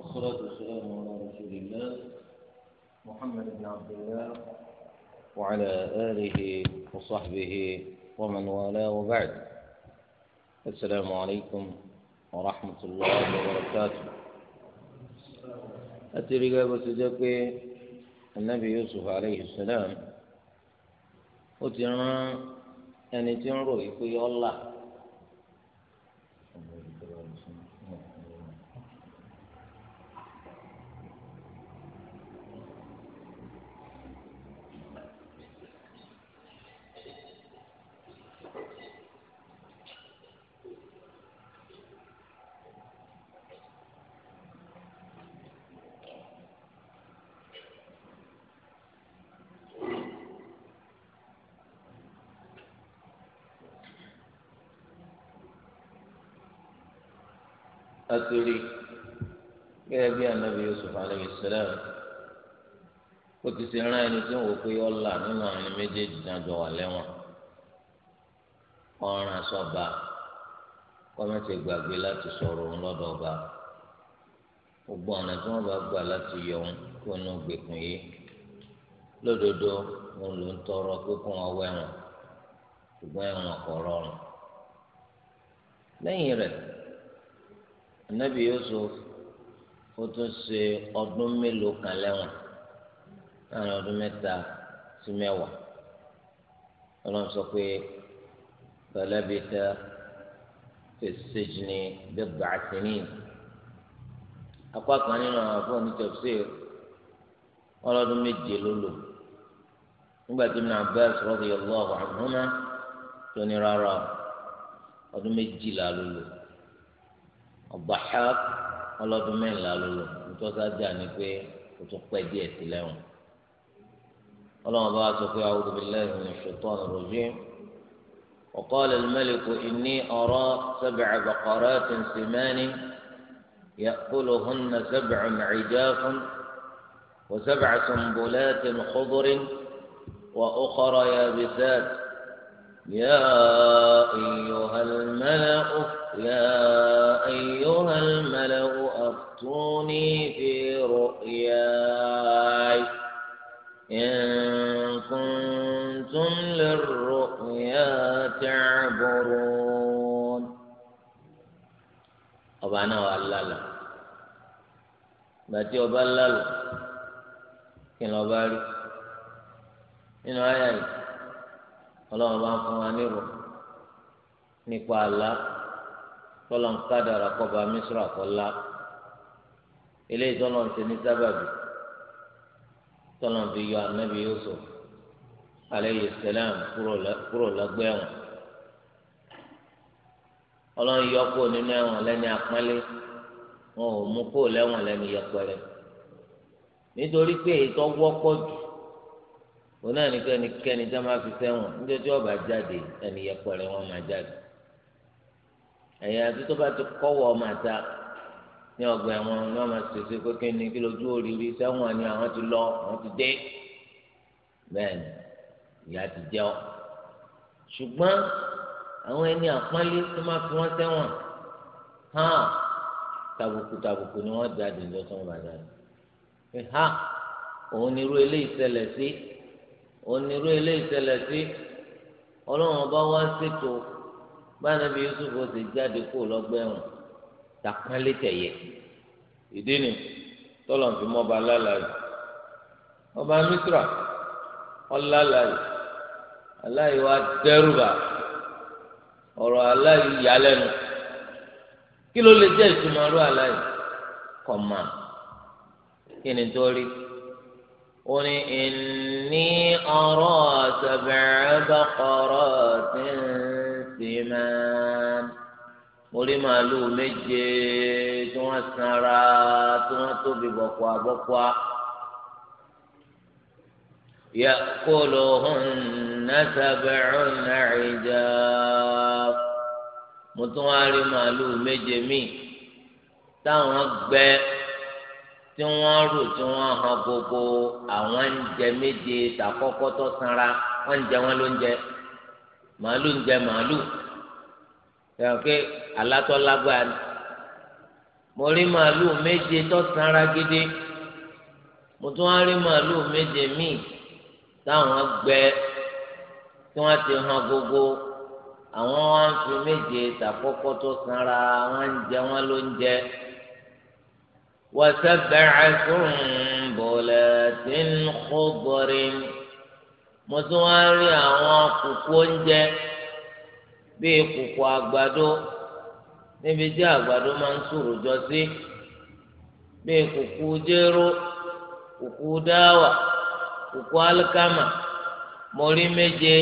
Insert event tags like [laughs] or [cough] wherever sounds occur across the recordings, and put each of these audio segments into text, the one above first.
والصلاة والسلام على رسول الله محمد بن عبد الله وعلى آله وصحبه ومن والاه وبعد السلام عليكم ورحمة الله وبركاته أتري قابة النبي يوسف عليه السلام وترى أن تنروا يقول الله àtúrí gẹ́gẹ́ bí anabi yusuf alayhi salam ó ti ṣe rán ẹni tí ń wò pé ọ̀la nínú àwọn méjèèjì dájọ́ wà lẹ́wọ̀n ọ̀ràn sọba kọ́mẹ́tì gbàgbé láti sọrọ òun lọ́dọ̀ ọba gbogbo ọ̀nà tí wọ́n bá gbà láti yọ anabi yusuf ó tún ṣe ọdún mélòó kan lẹ́wọ̀n láàrin ọdún mẹ́ta sí mẹ́wàá ọlọ́run sọ pé balabita fi sijni bid'a sinin kan nínú àwọn afọ onítọ̀síìr ọlọ́dún méje na nígbà tí Ibn Abbas radiyallahu anhuma tó ní rárá méjìlá ad ọlọ́dún mẹ́rìnlá ló lò nítòsájà ni pé o tún pẹ́ díẹ̀ sí lẹ́wọ̀n ọlọ́run bá sọ pé a'udhu billahi minash shaitani rrajim وقال الملك إني أرى سبع بقرات سمان يأكلهن سبع عجاف wọ́n سنبلات خضر وأخر يابسات يا أيها الملأ يا أيها الملأ أفتوني في رؤياي إن كنتم للرؤيا تعبرون أنا وألالا باتي أبالالا كن أبالي إنه آية ọlọ́run bá ń fún wa nírò nípa àlá tọ́lọ́n kádàrà kọba mísírà kọ́lá eléyìí tọ́lọ́n ṣe ní sábàbí tọ́lọ́n fi yọ anábì Yusuf aleyhi salam kúrò lọ́gbẹ́ ẹ̀wọ̀n ọlọ́run yọ nínú ẹ̀wọ̀n lẹ́ni wọn ò mú kó lẹ́wọ̀n lẹ́ni nítorí pé wọ́pọ̀ òun náà nìkan ẹnikẹ́ni tí wọ́n máa fi sẹ́wọ̀n níjọ́jọ́ ọba jáde ẹni yẹpẹrẹ wọn máa jáde ẹ̀yà àti tó bá ti kọ́wọ́ ọmọ àta ní ọgbà ẹ̀wọ̀n ni wọ́n máa ṣèṣe kéke ní kí lójú òrìrì sẹ́wọ̀n ni àwọn ti lọ àwọn ti dé bẹ́ẹ̀ ni ìyá ti jẹ́ ọ ṣùgbọ́n àwọn ẹni àpọ́nlé tó máa fi wọ́n sẹ́wọ̀n hàn tàbùkù tàbùkù ni wọ́n jáde lọ́sọ̀ọ́ bàjẹ́ ha òun ni irú eléyìí ṣẹlẹ̀ onírú eléyìí ṣẹlẹ̀ sí ọlọ́run ọba wá ṣètò bánabi yusuf ó ti jáde kó lọ́gbẹ́ ẹ̀wọ̀n takpali tẹ̀yẹ ìdí ni tọ́lọ̀ fi mọ́ba lálàyé ọba mitra ọlálàyé aláyé wa dẹ́rùbà ọ̀rọ̀ aláyé yálẹ́nu kí ló lè jẹ́ ìtumọ̀ ọ̀rọ̀ aláyé kọ̀ọ̀mà kí ni tó rí. قل إني أرى سبع بقرات سمان orí màálùú méje tí wọ́n sanra tí wọ́n tóbi bọ̀kùà bọ̀kùà يأكلهن سبع عجاف mo tún wá rí màálùú méje míì táwọn gbẹ́ tí wọ́n rò tí wọ́n hàn gbogbo àwọn ń jẹ méje tàkọ́kọ́ tó sanra wọ́n ń jẹ wọ́n ló ń jẹ màálù ń jẹ màálù ẹ̀rọ pé alátọ́ lágbára ni mo rí màálù méje tó sanra gidi mo tún wá rí màálù méje míì táwọn gbẹ tí wọ́n ti hàn gbogbo àwọn wá fi méje tàkọ́kọ́ tó sanra wọ́n ń jẹ wọ́n ló ń jẹ. وسبع سنبلات خضر mo tún wá rí àwọn kùkù oúnjẹ bíi kùkù àgbàdo níbi tí àgbàdo máa ń sòrò jọ sí bíi kùkù jéró kùkù dáwà kùkù alikama mo rí méje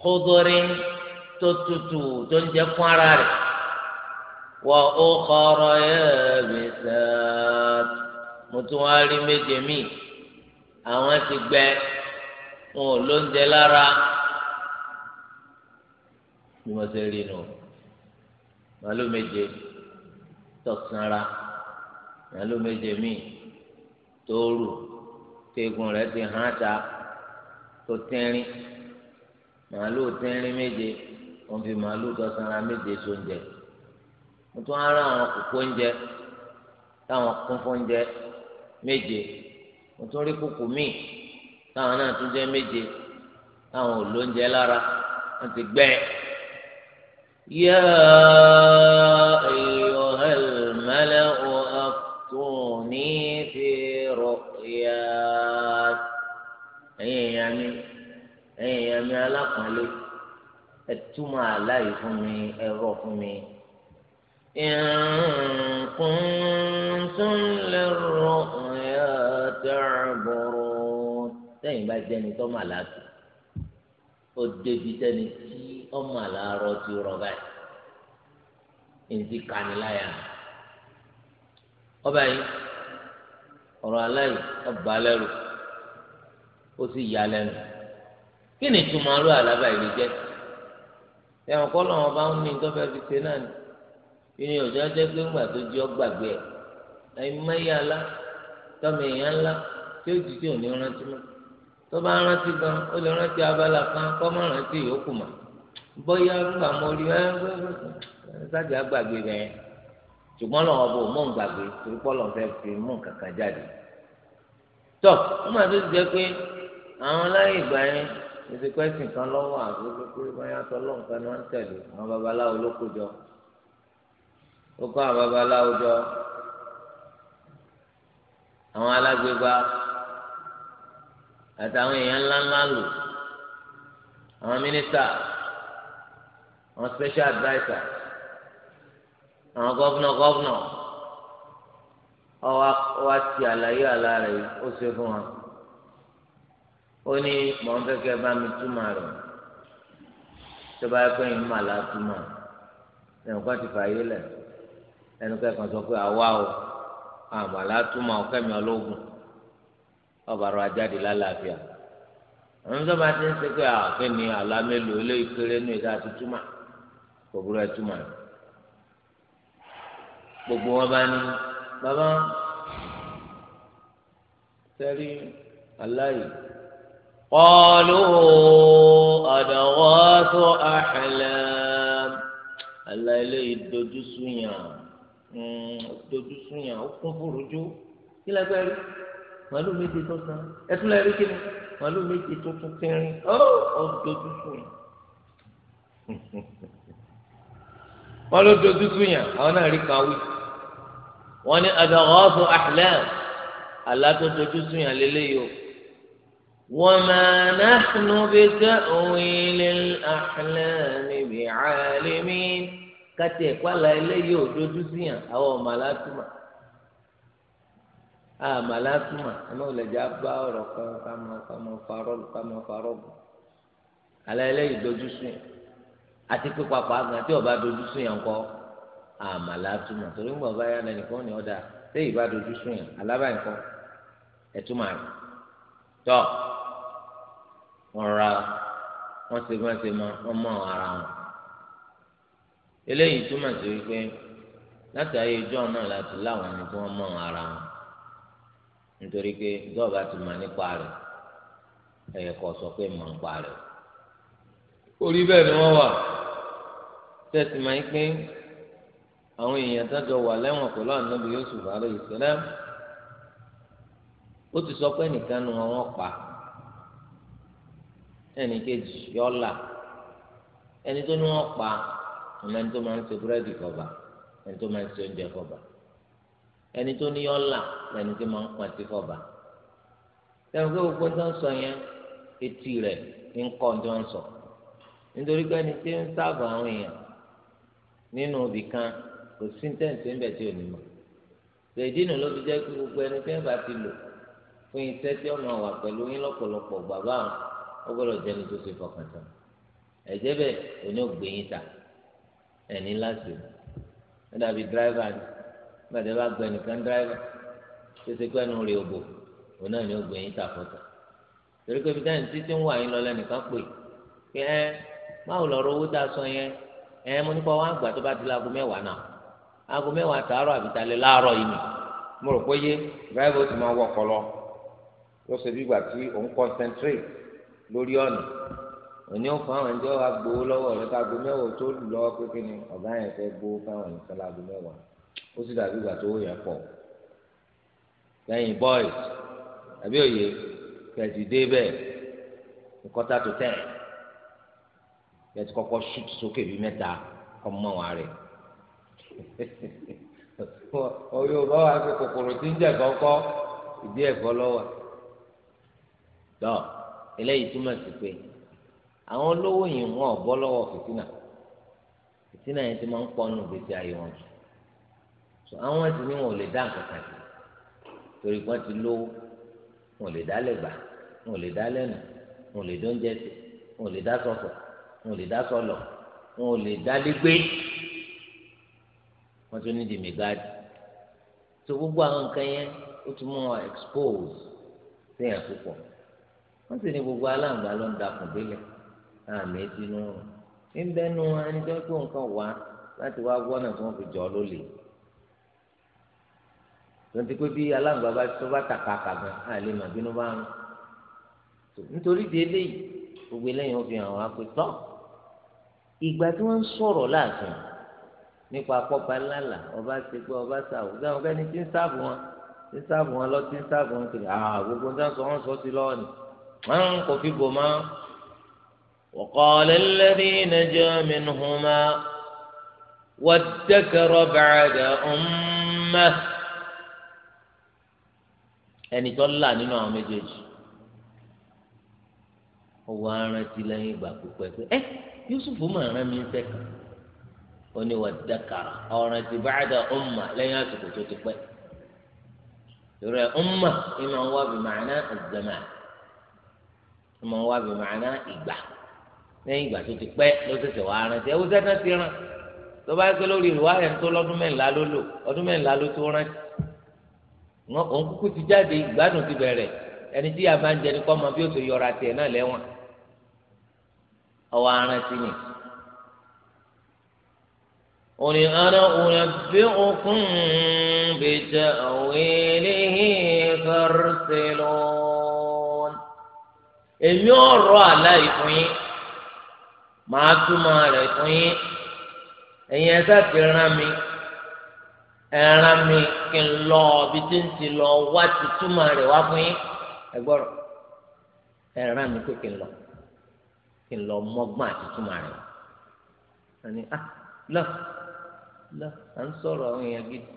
kódórí tó tutù tó ń jẹ fún ara rẹ̀. وأخرى يابسات متوالي مجمي àwọn ti gbẹ wọn ò lóúnjẹ lára bí wọn ṣe rí nù màálù méje tọ̀sánra màálù méje míì tóórù tégun rẹ̀ ti hàn ta tó tẹ́rín màálù tẹ́rín méje wọn fi màálù tọ̀sánra mo tún ara àwọn kókó oúnjẹ táwọn kún fún oúnjẹ méje mo tún rí kókó míì táwọn náà tún jẹ méje táwọn ò lóúnjẹ lára wọn ti gbẹ yá ayyuhal mala'u aftuni fi ru'yat ẹ̀yin èèyàn mi ẹ̀yin èèyàn mi alákùnrin ẹ túmọ̀ àlàyé fún mi ẹ rọ̀ fún mi. إن كنتم للرؤيا تعبرون tẹ́yìn bá jẹ́ni tó mà láàtò ó débi tẹ́ni tí ó mà láàárọ̀ ti rọ̀ báyìí ntí kaniláyà ọba yìí ọ̀rọ̀ aláì ọba lẹ́rù ó sì yà lẹ́nu kí ni ìtumọ̀ arú àlábàá ìlú jẹ́ ẹ̀wọ̀n kọ́ lọ́wọ́ bá ń ní tó fẹ́ fi ṣe náà ni ìyẹn ọjọ́ jẹ́ pé ńgbà tó di ọgbàgbé ẹ̀ ẹ̀yin mẹ́yà ńlá tọ́mọ èèyàn ńlá tí ó dìde òní rántí mọ́ tó bá rántí gan ó lè rántí abala kan kọ́ mọ́ rántí ìyókù mọ́ bóyá ńgbà mo rí ẹ sáàjì àgbàgbé rẹ̀ ṣùgbọ́n lọ́wọ́ bò mọ́ ńgbàgbé torí pọ́ lọ́n fẹ́ fi mú kankan jáde tọ́ wọ́n máa tó ti jẹ́ pé àwọn láyé ìgbà yẹn ìsìnkú ẹ̀sìn kan lọ́wọ́ àgbẹ̀ pé bóyá tọ́lọ́ nǹkan ni wọ́n ń tẹ̀lé àwọn babaláwo ló kó jọ ó kó àwọn babaláwo jọ àwọn alágbèbá àtàwọn èèyàn ńláńlá lò àwọn mínísítà àwọn special adviser àwọn gọ́vnọ̀ gọ́vnọ̀ ọwọ́ ti àlàyé àlá rẹ̀ ó ṣe fún wa ó ní mọ̀ ń fẹ́kẹ́ bá mi túmọ̀ rẹ̀ tó bá yẹ kó yín mà látúmọ̀ ẹ̀ ń kọ́ ti fàyè lẹ̀ ẹnu kẹkàn sọ pé àwa o àmàlà túmọ̀ ọ̀kẹ́mi ọlọ́gùn ọba rọ ajáde lálàáfíà àwọn tó bá ti ń ṣe pé àkẹ́ ni àlámẹ́lò eléyìí kéré ní ìdá àti túmọ̀ kò burú ẹ túmọ̀ rẹ gbogbo wọn bá ní bàbá sẹ́rí aláì kọlu ọ̀dọ̀wọ́ tó àhẹlẹ́ aláìlẹ́ ìdojú súnyàn dojú sunyàn ó kún fúrujú kí lẹ́gbẹ́ rí màálù méje tó san ẹtún lẹ́rí kí ni màálù méje tó tún kẹrin ó ó dojú sunyàn [laughs] wọ́n ló dojú sunyàn àwọn náà rí kàwé wọ́n ní adaghasu ahlam àlá tó dojú sunyàn lélẹ́yìí o. وما نحن بتأويل الأحلام بعالمين kátì ẹ̀pàlà eléyìí òdodo síyàn àwọn ọmọ alátùmọ̀ àmà alátùmọ̀ ẹ̀mọ́ ìlẹ̀jà bá ọ̀rọ̀ kan kàmọ́ kàmọ́ farọ́ọ̀lù kàmọ́ farọ́ọ̀lù alẹ́ eléyìí dojú síyàn àti pípa pàápàá tí ọba dojú síyàn kọ́ Ah alátùmọ̀ torí ń bọ̀ báyà lẹ́nìkan ní ọ̀dà téyì bá dojú síyàn alábàáyìn kọ́ ẹ̀túmọ̀ rẹ̀ tọ́ wọn ra wọn ṣe máa ṣe máa wọn mọ ara wọn. eléyìí túmọ̀ sí wípé látàrí ìjọ náà láti láwọn ẹni tí wọ́n mọ̀ ara wọn nítorí pé dọ́ọ̀bá ti mọ̀ nípa rẹ̀ ẹ̀yẹ kọ̀ sọ pé mọ̀ nípa rẹ̀ orí bẹ́ẹ̀ ni wọ́n wà tẹ̀sí máa ń pín àwọn èèyàn tájọ wà lẹ́wọ̀n pẹ̀lú ànábì ó ti sọ pé nìkan nu pa ẹnì kejì ẹni tó ní pa. ọmọ ẹni tó máa ń ṣe búrẹ́dì kọba ẹni tó máa ń ṣe oúnjẹ kọba ẹni tó ní ọ̀la lẹni tó máa ń pọn sí kọba sẹ́wọ̀n pé gbogbo tó ń sọ yẹn etí rẹ̀ ń kọ́ tó ń sọ nítorí pé ẹni tí ń sáàbù àwọn èèyàn nínú ibì kan kò sí tẹ̀sí ńbẹ̀ tí ò ní mọ̀ ṣèdí nù ló fi jẹ́ pé gbogbo ẹni tí ń bá ti lò fún iṣẹ́ tí ọ̀nà wà pẹ̀lú yín lọ́pọ̀lọpọ̀ bàbá àwọn ó jẹ́ni tó ṣe fọkàn tán ẹ̀jẹ̀ bẹ́ẹ̀ òní ò gbé ta ẹni láti ó dàbí dírẹ́fà ni gbàdé bá gbẹ nìkan dírẹ́fà tètè pé ẹnu rè ògbò òun náà ni ó gbẹ̀yìn tàfọ̀tà torí pé bíjáni títí ń wà yín lọ lẹ́nìkan pè pé ẹ báwo lọ́rọ̀ owó tá a sọ yẹn ẹ mo nípa wọn àgbà tó bá ti láago mẹ́wàá náà aago mẹ́wàá tààrọ̀ àbítalẹ̀ láàárọ̀ yìí nì mo rò pé yé dírẹ́fà ó ti máa wọkọ̀ lọ ló ṣe bí ìgbà tí òun concentrate lórí ọ̀nà òní ò fáwọn ẹjọ́ wa gbowó lọ́wọ́ rẹ ká gbowó mẹ́wàá tó lù lọ́wọ́ pépé ni ọ̀gá yẹn fẹ́ gbowó fáwọn nìkan lágbo mẹ́wàá ó sì dàbí ìgbà tó yẹ pọ̀ lẹ́yìn boys àbí òye kẹ̀sì dé bẹ́ẹ̀ nkọ́tà tó tẹ̀ kẹ̀sì kọ́kọ́ ṣùtù sókè bíi mẹ́ta kọ́ mọ́ wa rẹ̀ oyè ò bá wà pé kòkòrò tí ń jẹ kọ́kọ́ ìdí ẹ̀fọ́ lọ́wọ́ tọ́ eléyìí túmọ̀ sí pé àwọn olówó yìí wọn ò bọ́ lọ́wọ́ fìtínà fìtínà yẹn ti máa ń pọnù gbèsè ayé wọn jù so àwọn ẹsìn ni wọn ò lè dá nǹkan kan sí torí wọn ti lówó wọn ò lè dá lẹ́gbàá wọn ò lè dá lẹ́nà wọn ò lè dó oúnjẹ sí wọn ò lè dá sọ̀sọ̀ wọn ò lè dá sọ̀lọ̀ wọn ò lè dá légbé wọn tún ní di mẹgáàdì so gbogbo àwọn nǹkan yẹn ó tún mú wọn expose sí yẹn púpọ̀ wọ́n sì ní gbogbo aláǹgbá ló ń dakùn délẹ̀ àmì ah, ìdínú rẹ̀ ń bẹ́nu ẹni tó ń kó nǹkan wá láti wá gbọ́nà tí wọ́n fi jọ lólè tonti pé bí aláǹgbá bá tó bá tàkàkà gan àlè mà bínú bá ń nítorí di eléyìí gbogbo eléyìí wọ́n fi hàn wá pé tán ìgbà tí wọ́n ń sọ̀rọ̀ láàfin nípa pọpa lálà ọba ṣe pé ọba ṣàwò ṣé àwọn kẹni tí ń sáàbù wọn tí ń sáàbù wọn lọ tí ń sáàbù wọn kiri àà ah, gbogbo ń sọ wọn sọ sí lọ́ọ̀nì wọn kò fi bò máa وقال الذي نجا منهما وادكر بعد أمه ẹni tó là nínú àwọn méjèèjì ọwọ́ ti lẹ́yìn ìgbà pípẹ́ pé ẹ eh, Yusuf máa rán mi ń sẹ́kàn ó ní wà dákàrà ọ̀ràn ti báyìí ọmọ lẹ́yìn àsìkò tó ti pẹ́ ìrẹ̀ ọmọ ìmọ̀ wá bí màánà ìgbàmà ìmọ̀ lẹ́yìn ìgbà tó ti pẹ́ ló ṣẹ̀ṣẹ̀ wá rántí ẹwú sẹ́tàn ti ràn tó bá gbé lórí ìlú ayẹ̀ tó lọ́dún mẹ́ńlá ló lò ọdún mẹ́ńlá ló tó rántí òun kúkú ti jáde ìgbádùn ti bẹ̀rẹ̀ ẹni tí yàrá ń jẹ ní kọ́mọ bí ó ti yọra tiẹ̀ náà lẹ́wọ̀n ọwọ́ arántí ni. òní ara òní bí òkun bìtẹ òwìlì fẹrẹsẹlọ. èmi ọ̀rọ̀ àlàyé yín màá túmọ̀ rẹ̀ fún yín ẹ̀yin ẹ̀ sáà ti mi ẹran mi kí n lọ ọbi tí n ti lọ wá ti túmọ̀ rẹ̀ wá fún yín ẹ gbọ́dọ̀ ẹran mi pé kí n lọ kí n lọ mọ́gbọ́n àti túmọ̀ rẹ̀ wá. ẹni ah lọ lọ à ń sọ̀rọ̀ àwọn èèyàn gidi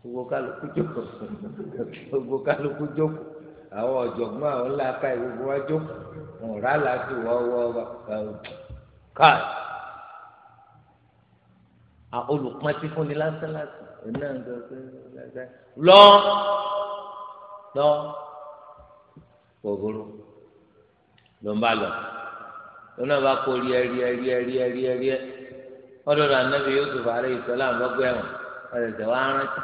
gbogbo kálukú jókòó gbogbo kálukú jókòó àwọn ọ̀jọ̀gbọ́n àwọn ńlá ká ìwé wọn jókòó wọn rà wọ́ wọ́ wọ́ káì olùpọ̀ntì fún ni lásán lásán ẹ̀mí náà ń gbọ́ pé lásán lọ lọ gbogbo ló ń bá lọ lọ́nà bá kó rí ẹrí ẹrí ẹrí ẹrí ẹrí ẹ ọdọọdọ anabi Yusuf alẹ ìsọlá àbọgbọ ẹwọn ẹsẹ wa rántí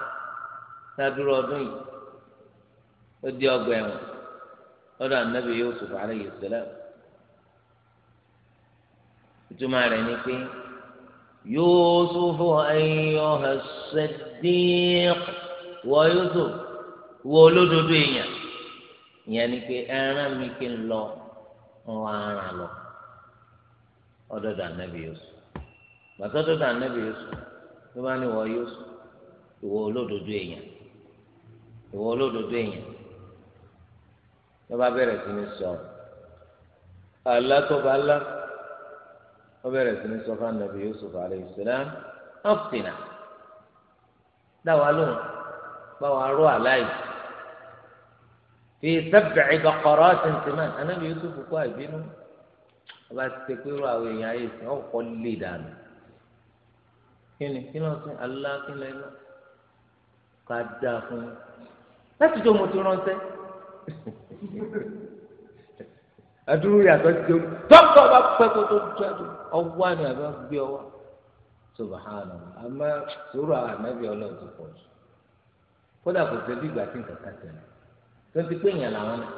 ládùúrọ ọdún yìí ó di ọgbà ẹwọn ọdọ anabi Yusuf alẹ ìsọlá àbọgbọ ẹwọn ìtumọ̀ rẹ̀ ni pé Yusufu ayyuha as-siddiq wọ Yusuf wọ olódodo èèyàn ìyẹn ni pé ẹran mi kí n lọ wọn aràn lọ ọdọdọ anabi Yusuf gbàtọdọdọ anabi Yusuf tó bá ní wọ Yusuf ìwọ olódodo èèyàn ìwọ olódodo èèyàn tó bá bẹ̀rẹ̀ sí ní sọ àlá tó wọ́n bẹ̀rẹ̀ sí ní sọ́fà nàbí Yusuf alayhi salam ọ̀fìnà dáwà lóhùn báwa rú àláyé fi sab'i baqaratin siman anábì Yusuf kó àìbínú ọba ti ṣe pé irú àwọn èèyàn ayé sìn ọ̀pọ̀ lè dànù kíni kí ló ń sìn aláàkínlẹ̀ ká dáa fún un láti tó mo ti ránṣẹ́. [laughs] adúrú yàtọ̀ ti tó tọ́kọ̀ bá pẹ́ kó tó tó ọwọ́ ni àbá gbé ọwọ́ subahana àmọ́ sòrò àwọn ànábì ọlọ́run ti pọ̀ jù kódà kò sí bí ìgbà tí nǹkan ká tẹ̀lé tó ti pé èèyàn làwọn náà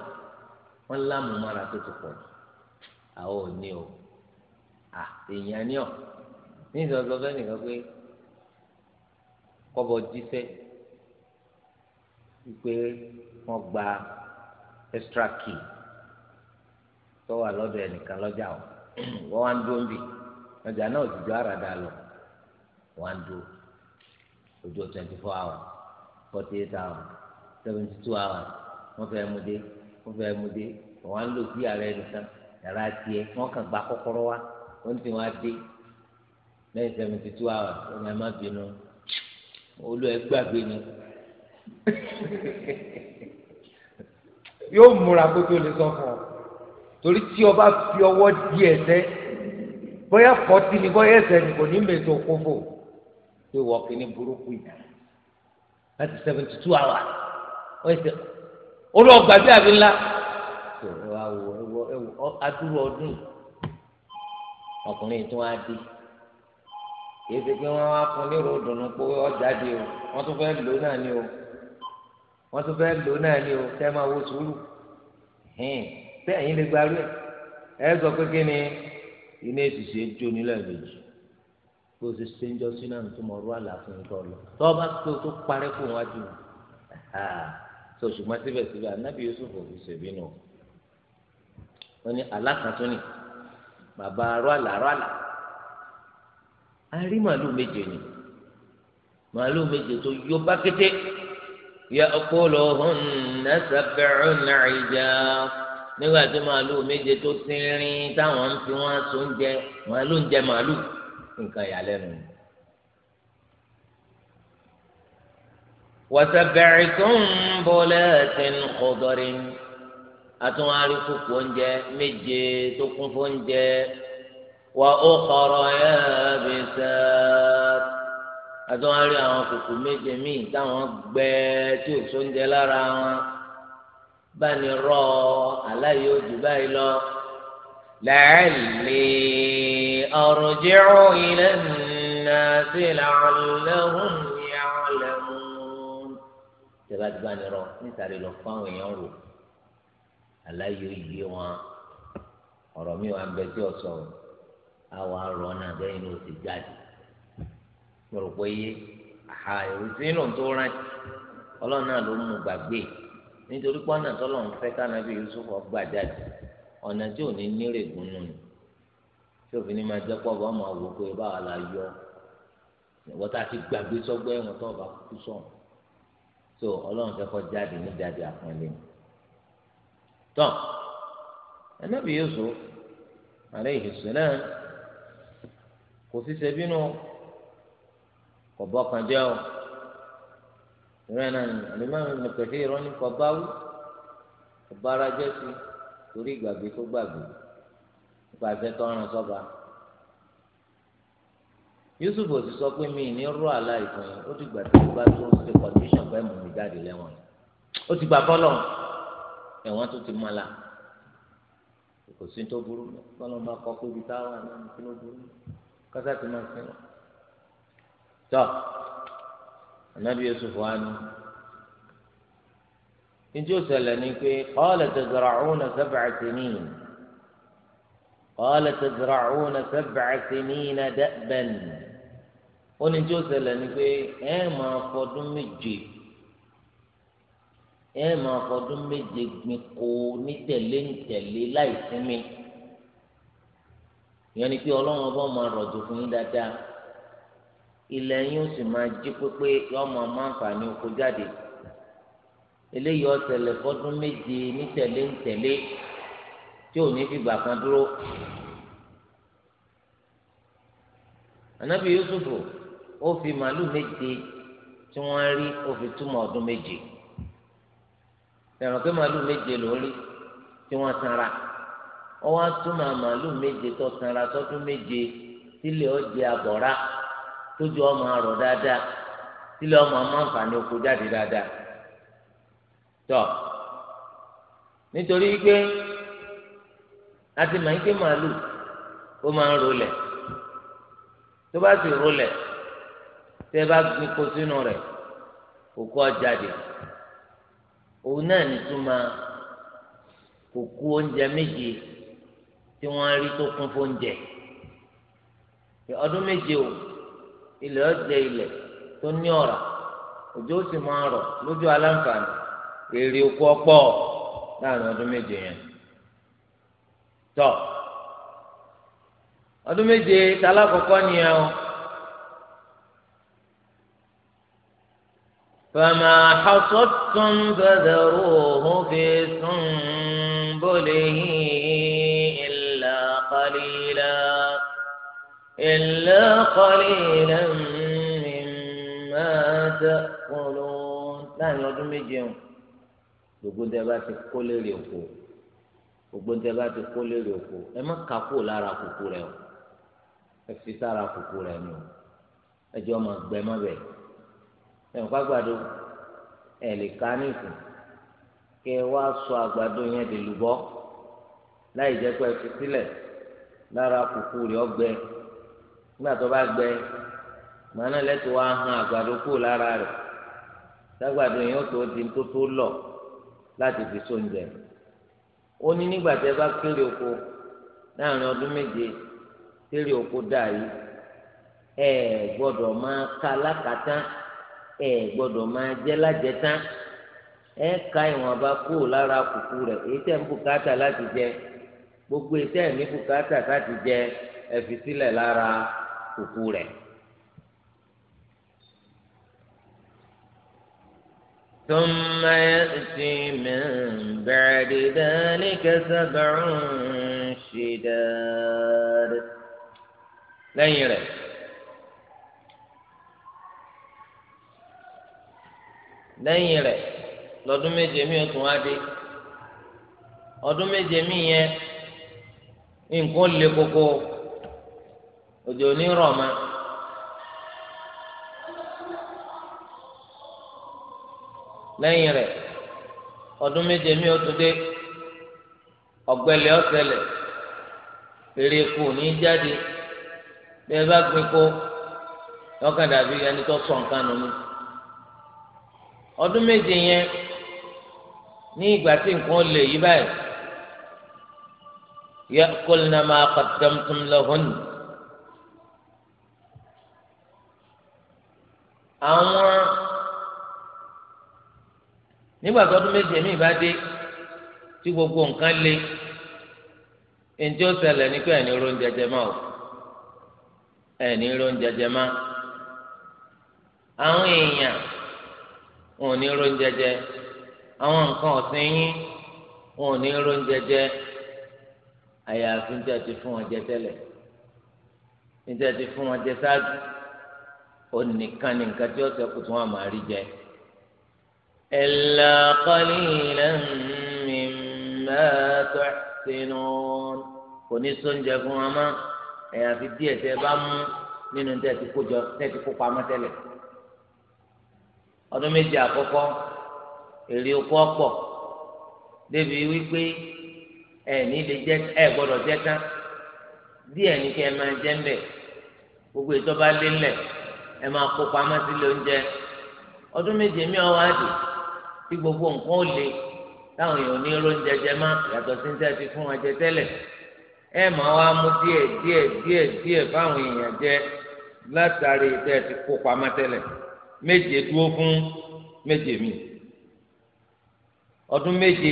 wọ́n lámù mọ́ra tó ti pọ̀ jù àwọn ò ní o à èèyàn ní ọ̀ ní ìsọ̀sọ̀ fẹ́ nìkan pé kọ́bọ̀ jíṣẹ́ wípé wọ́n gba extra key tó wà lọ́dọ̀ ẹnìkan lọ́jà o [clears throat] wọ́n wá ń dúró bì ọjà náà ò ti jọ àràdà lọ wọ́n á ń dúró ojú twenty four hours forty eight hours seventy two hours wọ́n fẹ́ mú dé wọ́n fẹ́ mú dé wọ́n á ń lò sí ààrẹ nìkan yàrá tiẹ̀ wọ́n kàn gba kọ́kọ́rọ́ wa wọ́n ti wọ́n á dé lẹ́yìn seventy two hours wọ́n máa má bínú olú ẹ gbàgbé ni [laughs] yóò múra kó tó lè sọ fún ọ torí tí ọba fi ọwọ́ di ẹsẹ̀ bóyá fọ́tì ni bóyá ẹsẹ̀ ni kò ní mètò kófò pé wọ́n kì í ní burúkú yìí láti seventy two hours wọ́n ṣe olóògbà bí àbí ńlá tó ẹ wá wọ ẹ wọ ẹ wọ adúrú ọdún ọkùnrin tó wá dé kìí ṣe pé wọ́n wá fún nírò dùnú pé ọjà dé o wọ́n tún fẹ́ lò náà ni o wọ́n tún fẹ́ lò náà ni o kẹ́ máa wo sùúrù hìn ṣé ẹ̀yin lè gbarú ẹ̀ ẹ sọ pé kí ni iná ètùsí ejó nílẹ̀ méjì kó o ṣe ṣe ń jọ sínú àmì tó mọ ọrú àlàfo nǹkan lọ tó o bá tó tó parẹ́ fún wájú tó ṣùgbọ́n síbẹ̀síbẹ̀ anábì Yusuf ò fi ṣèbí nù wọn ni bàbá arọ àlà arọ àlà a rí màálù méje ni màálù méje tó yó bá kété yẹ ọpọlọ ọhún náà sábẹ̀rún náà nígbà tí màálùú méje tó tínrín táwọn ń fi wọn so ń jẹ màálùú ń jẹ màálùú nǹkan ìyàlẹ́nu. wọ́sẹ̀bẹ̀rìkún bọ́lẹ́sìn kọ́dọ̀rin atún arúgbó oúnjẹ méje tó kún fún oúnjẹ wà ó kọ̀rọ̀ yẹ́ bẹ́sẹ̀ atún arúgbó àwọn kòkò méje míì táwọn gbẹ tí ò sóúnjẹ lára wọn báni rọ aláyé ojú báyìí lọ làálì ọrùjẹ́rù ilẹ̀ nàásì làálẹ́hùn yàálẹ́mú. tẹ́lá ti báni rọ nítorí lọ fáwọn èèyàn rò aláyé oyè wọn ọ̀rọ̀ mi wà ń bẹ tí ọ̀sọ̀ àwọn arọ̀ náà bẹ́ẹ̀ ni ti jáde mo rò pé yé àhà ìrùsí nù tó rántí ọlọ́run náà ló mú gbàgbé nítorí pọ́nà tọ́lọ̀ ń fẹ́ kánábì Yusuf ọgbà jáde ọ̀nà tí ò ní nírègùn nù ni tí òfin ni máa jẹ́ pọ̀ bá máa wò pé báwa la yọ wọ́n tá a ti gbàgbé sọ́gbọ́ ẹ̀wọ̀n tó bá kú sọ̀n so ọlọ́run fẹ́ kọ́ jáde ní jáde àpọ́nlé mi tọ́ ẹ̀nàbì Yusuf alayhi salam kò sí ṣe bínú kò bọ́ kan jẹ́ o ìrìn náà ni alimami nìkẹtẹ ìrọ́ni kọ báwú ọbaara jẹ́ sí torí ìgbàgbé tó gbàgbé nípa ìfẹ́ tọ́ran sọ́ba Yusuf ò sì sọ pé mi ní rú àlá ìfún yìí ó ti gbà tí mo bá tó ṣe condition pé mò ń mi jáde lẹ́wọ̀n yìí ó ti gbà fọ́lọ̀ ẹ̀wọ̀n tó ti mọ́ la kò sí tó burú fọ́lọ́ bá kọ́ pé ibi táwọn àná ní kí ló burú kọ́sá ti máa ń lọ anabi yusuf wa ni njẹ́ o ṣẹlẹ̀ ni pé qala tazra'una sab'a sinin qala tazra'una sab'a sinina da'ban ó ní njẹ́ o ṣẹlẹ̀ ni pé ẹ máa fọdún méje ẹ máa fọdún méje gbìn kó ní tẹ̀lé ní tẹ̀lé láì sinmi ìyẹn ni pé ọlọ́run ọba máa rọ̀jò fún yín dáadáa ilẹ̀ yín ó sì máa jí pépé yọ ọmọ ọmọ àǹfààní oko jáde eléyìí ọ̀sẹ̀lẹ̀ fọ́dún méje nítẹ̀lé ńtẹ̀lé tí ò ní fìgbà kan dúró. ànábì Yusufu ó fi màálù méje tí wọ́n rí ó fi túmọ̀ ọdún méje tẹ̀ràn pé màálù méje ló rí tí wọ́n sanra ó wá túmọ̀ màálù méje tó sanra sọ́dún méje sílẹ̀ ó di àbọ̀rá tójú ọmọ àrọ̀ dáadáa sílé ọmọ amáǹfààní oko jáde dáadáa tọ nítorí pé àti màáké màálù ó máa ń rolẹ̀ tó bá sì rolẹ̀ tẹ́ bá gbin kó sínú rẹ̀ òkú ọjàdì òun náà nìtúmọ̀ kòkó oúnjẹ méje tí wọ́n rí tó kún fóúnjẹ ọdún méje o ilẹ̀ ọ̀jẹ̀ ilẹ̀ tó ní ọ̀rá òjò ó sì máa rọ̀ lójú aláǹfààní èrè oko ọ̀pọ̀ láàrin ọdún méje yẹn tọ ọdún méje talákọ̀ọ́kọ́ nìyẹn o fama hasọ́tún fẹ́dẹ̀rúhù fi sùn bọ́lẹ̀ yìí إلا قليلا مما تأكلون لا يوجد مجيون gbogbo ń tẹ bá ti kó lérè oko gbogbo ń tẹ bá ti kó lérè oko ẹ má kà kó lára kúkú rẹ o ẹ fi sára kúkú rẹ ni o ẹ jẹ́ ọmọ gbẹ má bẹ̀ ẹ nǹkan àgbàdo ẹ lè ka nìkú kẹ wá sọ àgbàdo yẹn di lùbọ́ láì jẹ́ pé ẹ fi sílẹ̀ lára kúkú rẹ ọgbẹ́. nígbà tó bá gbẹ màánà lẹ́tọ̀ wá hàn àgbàdo kú lára rẹ̀ lágbàdo yẹn ó tó di tó tó láti fi sóúnjẹ ó ní nígbà tẹ bá kéré oko láàrin ọdún méje kéré oko dà yìí ẹ gbọ́dọ̀ máa ka lákàtà ẹ gbọ́dọ̀ máa jẹ lájẹtà ẹ ka ìwọ̀nba kú lára kùkù rẹ̀ èyí tẹ ń bùkátà láti jẹ gbogbo èyí tẹ ń bùkátà láti jẹ àkókò rẹ̀. ثم يأتي من بعد ذلك سبع شداد lẹ́yìn rẹ̀ lẹ́yìn rẹ̀ lọ́dún méje mi ò tún wá dé ọdún méje mi yẹn nǹkan le koko òjò onírọ̀ ma lẹ́yìn rẹ̀ ọdún méje mi ò tún dé ọ̀gbẹlẹ̀ ọ̀sẹ̀lẹ̀ èrè kù ní jáde bẹ́ẹ̀ bá gbin kó lọ́kàn dàbí ẹni tó sọ nǹkan nù ní. ọdún méje yẹn ní ìgbà tí nǹkan lè yí báyìí ya'kulna ma qaddamtum lahunna. àwọn nígbà tó ọdún méje mi bá dé tí gbogbo nǹkan le ẹnjẹ ó o ẹni ń jẹjẹ àwọn èèyàn wọn ò ní ró ń jẹjẹ àwọn nǹkan ọ̀sìn yín wọn ò ní ró ń jẹjẹ àyàfi ti fún wọn jẹ tẹ́lẹ̀ ti fún wọn jẹ onìkan ní nǹkan tí ó ṣẹ́kù tí wọ́n máa rí jẹ. illa qalilan mimma tuhsinun kò ní sóúnjẹ fún wa mọ́ ẹ̀yà fi díẹ̀ tẹ́ bá mú nínú tẹ́ ti kó jọ tẹ́ ti kó pamọ́ tẹ́lẹ̀. ọdún méjì àkọ́kọ́ èrè oko ọ̀pọ̀ débi wípé ẹ̀ ní lè jẹ́ ẹ̀ gbọ́dọ̀ jẹ́ tán díẹ̀ ní kí ẹ máa jẹ́ ń bẹ̀ gbogbo ètò lé ńlẹ̀ ẹ máa kó pamọ́ sílé oúnjẹ ọdún méje mi ọwọ́ àdì tí gbogbo nǹkan ó le táwọn èèyàn ní oúnjẹ jẹ má yàtọ̀ sí ní tẹ́tí fún wọn jẹ tẹ́lẹ̀ ẹ máa wá mú díẹ̀ díẹ̀ díẹ̀ díẹ̀ fáwọn èèyàn jẹ látàrí tẹ́tí kó pamọ́ tẹ́lẹ̀ méje dúró fún méje mi ọdún méje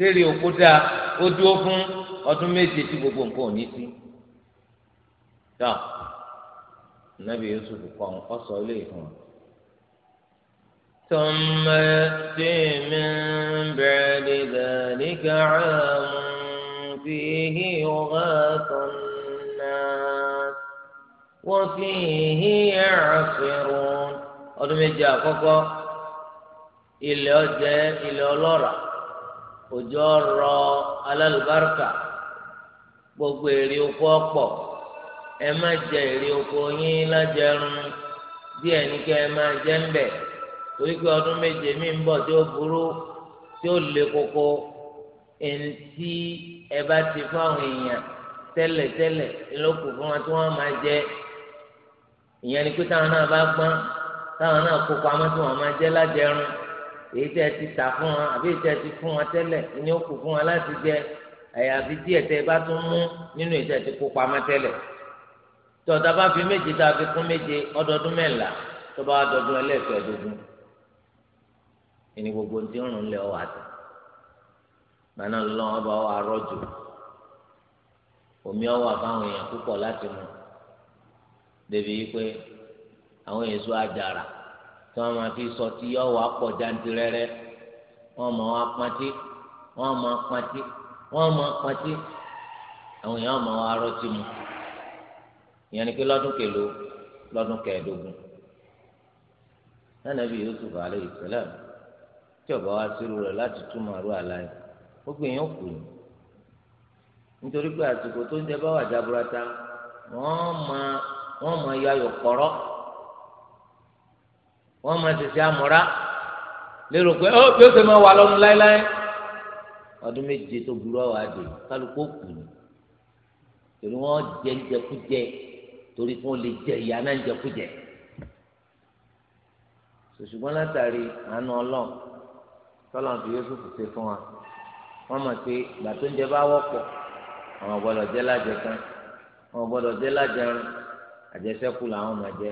tẹ́lẹ̀ òkú dáa ó dúró fún ọdún méje tí gbogbo nǹkan ò ní sí nabi yusuf kọ́ ọ́ sọ ilé ìfún wa. ثم يأتي من بعد ذلك عام فيه يغاث الناس وفيه يعصرون ọdún méjì àkọ́kọ́ ilẹ̀ ọjẹ́ ilẹ̀ ọlọ́rà òjò ọ̀rọ̀ alálùbáríkà gbogbo èrè oko ọ̀pọ̀ ẹ má jẹ èrè oko yín lájẹrun bí ẹni kẹ ẹ máa jẹ ń bẹ torí pé ọdún méje mi ń bọ̀ tí ó burú tí ó le koko ẹnití ẹ bá ti fún èèyàn tẹ́lẹ̀ tẹ́lẹ̀ fún wọn tí wọ́n máa jẹ ìyẹn ni pé táwọn náà bá gbọ́n táwọn náà kó pamọ́ tí wọ́n máa jẹ lájẹrun èyí tẹ́ ẹ ti tà fún wọn àbí èyí tẹ́ ẹ ti fún wọn tẹ́lẹ̀ ni ó kù fún wọn láti jẹ àyàfi díẹ̀ tẹ́ ẹ bá tún mú nínú èyí ti kó pamọ́ tẹ́lẹ̀. tí ọ̀tá bá fi méje tá a fi kún méje ọdọọdún mẹ́la tó bá dọdún ẹlẹ́ẹ̀kẹ́ẹ̀dógún ẹni gbogbo ti ń rún lẹ́ ọ àtẹ gbaná ọba ọ arọ́jò omi ọwọ́ àbáwọn èèyàn púpọ̀ láti mú débi pé àwọn àjàrà tí wọ́n máa fi sọ tí ọwọ́ apọ̀ wọ́n wá wọ́n wọ́n àwọn èèyàn wá ìyẹn ni pé lọ́dún kèlò lọ́dún kẹẹ̀ẹ́dógún nánàbí Yusuf alayhi salam tí ọba wa sírú rẹ̀ láti túmọ̀ àrò àlàyé ó gbé yẹn kù ní nítorí pé àsìkò tó ń jẹ bá wà jaburata wọ́n máa wọ́n máa yọ ayọ̀ kọ̀rọ̀ wọ́n máa tẹ̀sí àmúra lérò pé ó bí ó ṣe máa wà lọ́nu láéláé ọdún méje tó burú ọ̀wá dé kálukú kù ní torí wọ́n jẹ́ ń jẹkú jẹ́ torí kí wọ́n lè jẹ ìyá náà ń jẹkújẹ ṣùṣùgbọ́n látàrí àánú ọlọ́run tọ́lọ́run fi Yusuf ṣe fún wa wọ́n mọ̀ pé ìgbà tó ń jẹ bá wọ́pọ̀ àwọn gbọ́dọ̀ jẹ́ lájẹ kan àwọn gbọ́dọ̀ jẹ́ lájẹ rún àjẹsẹ́kù làwọn máa jẹ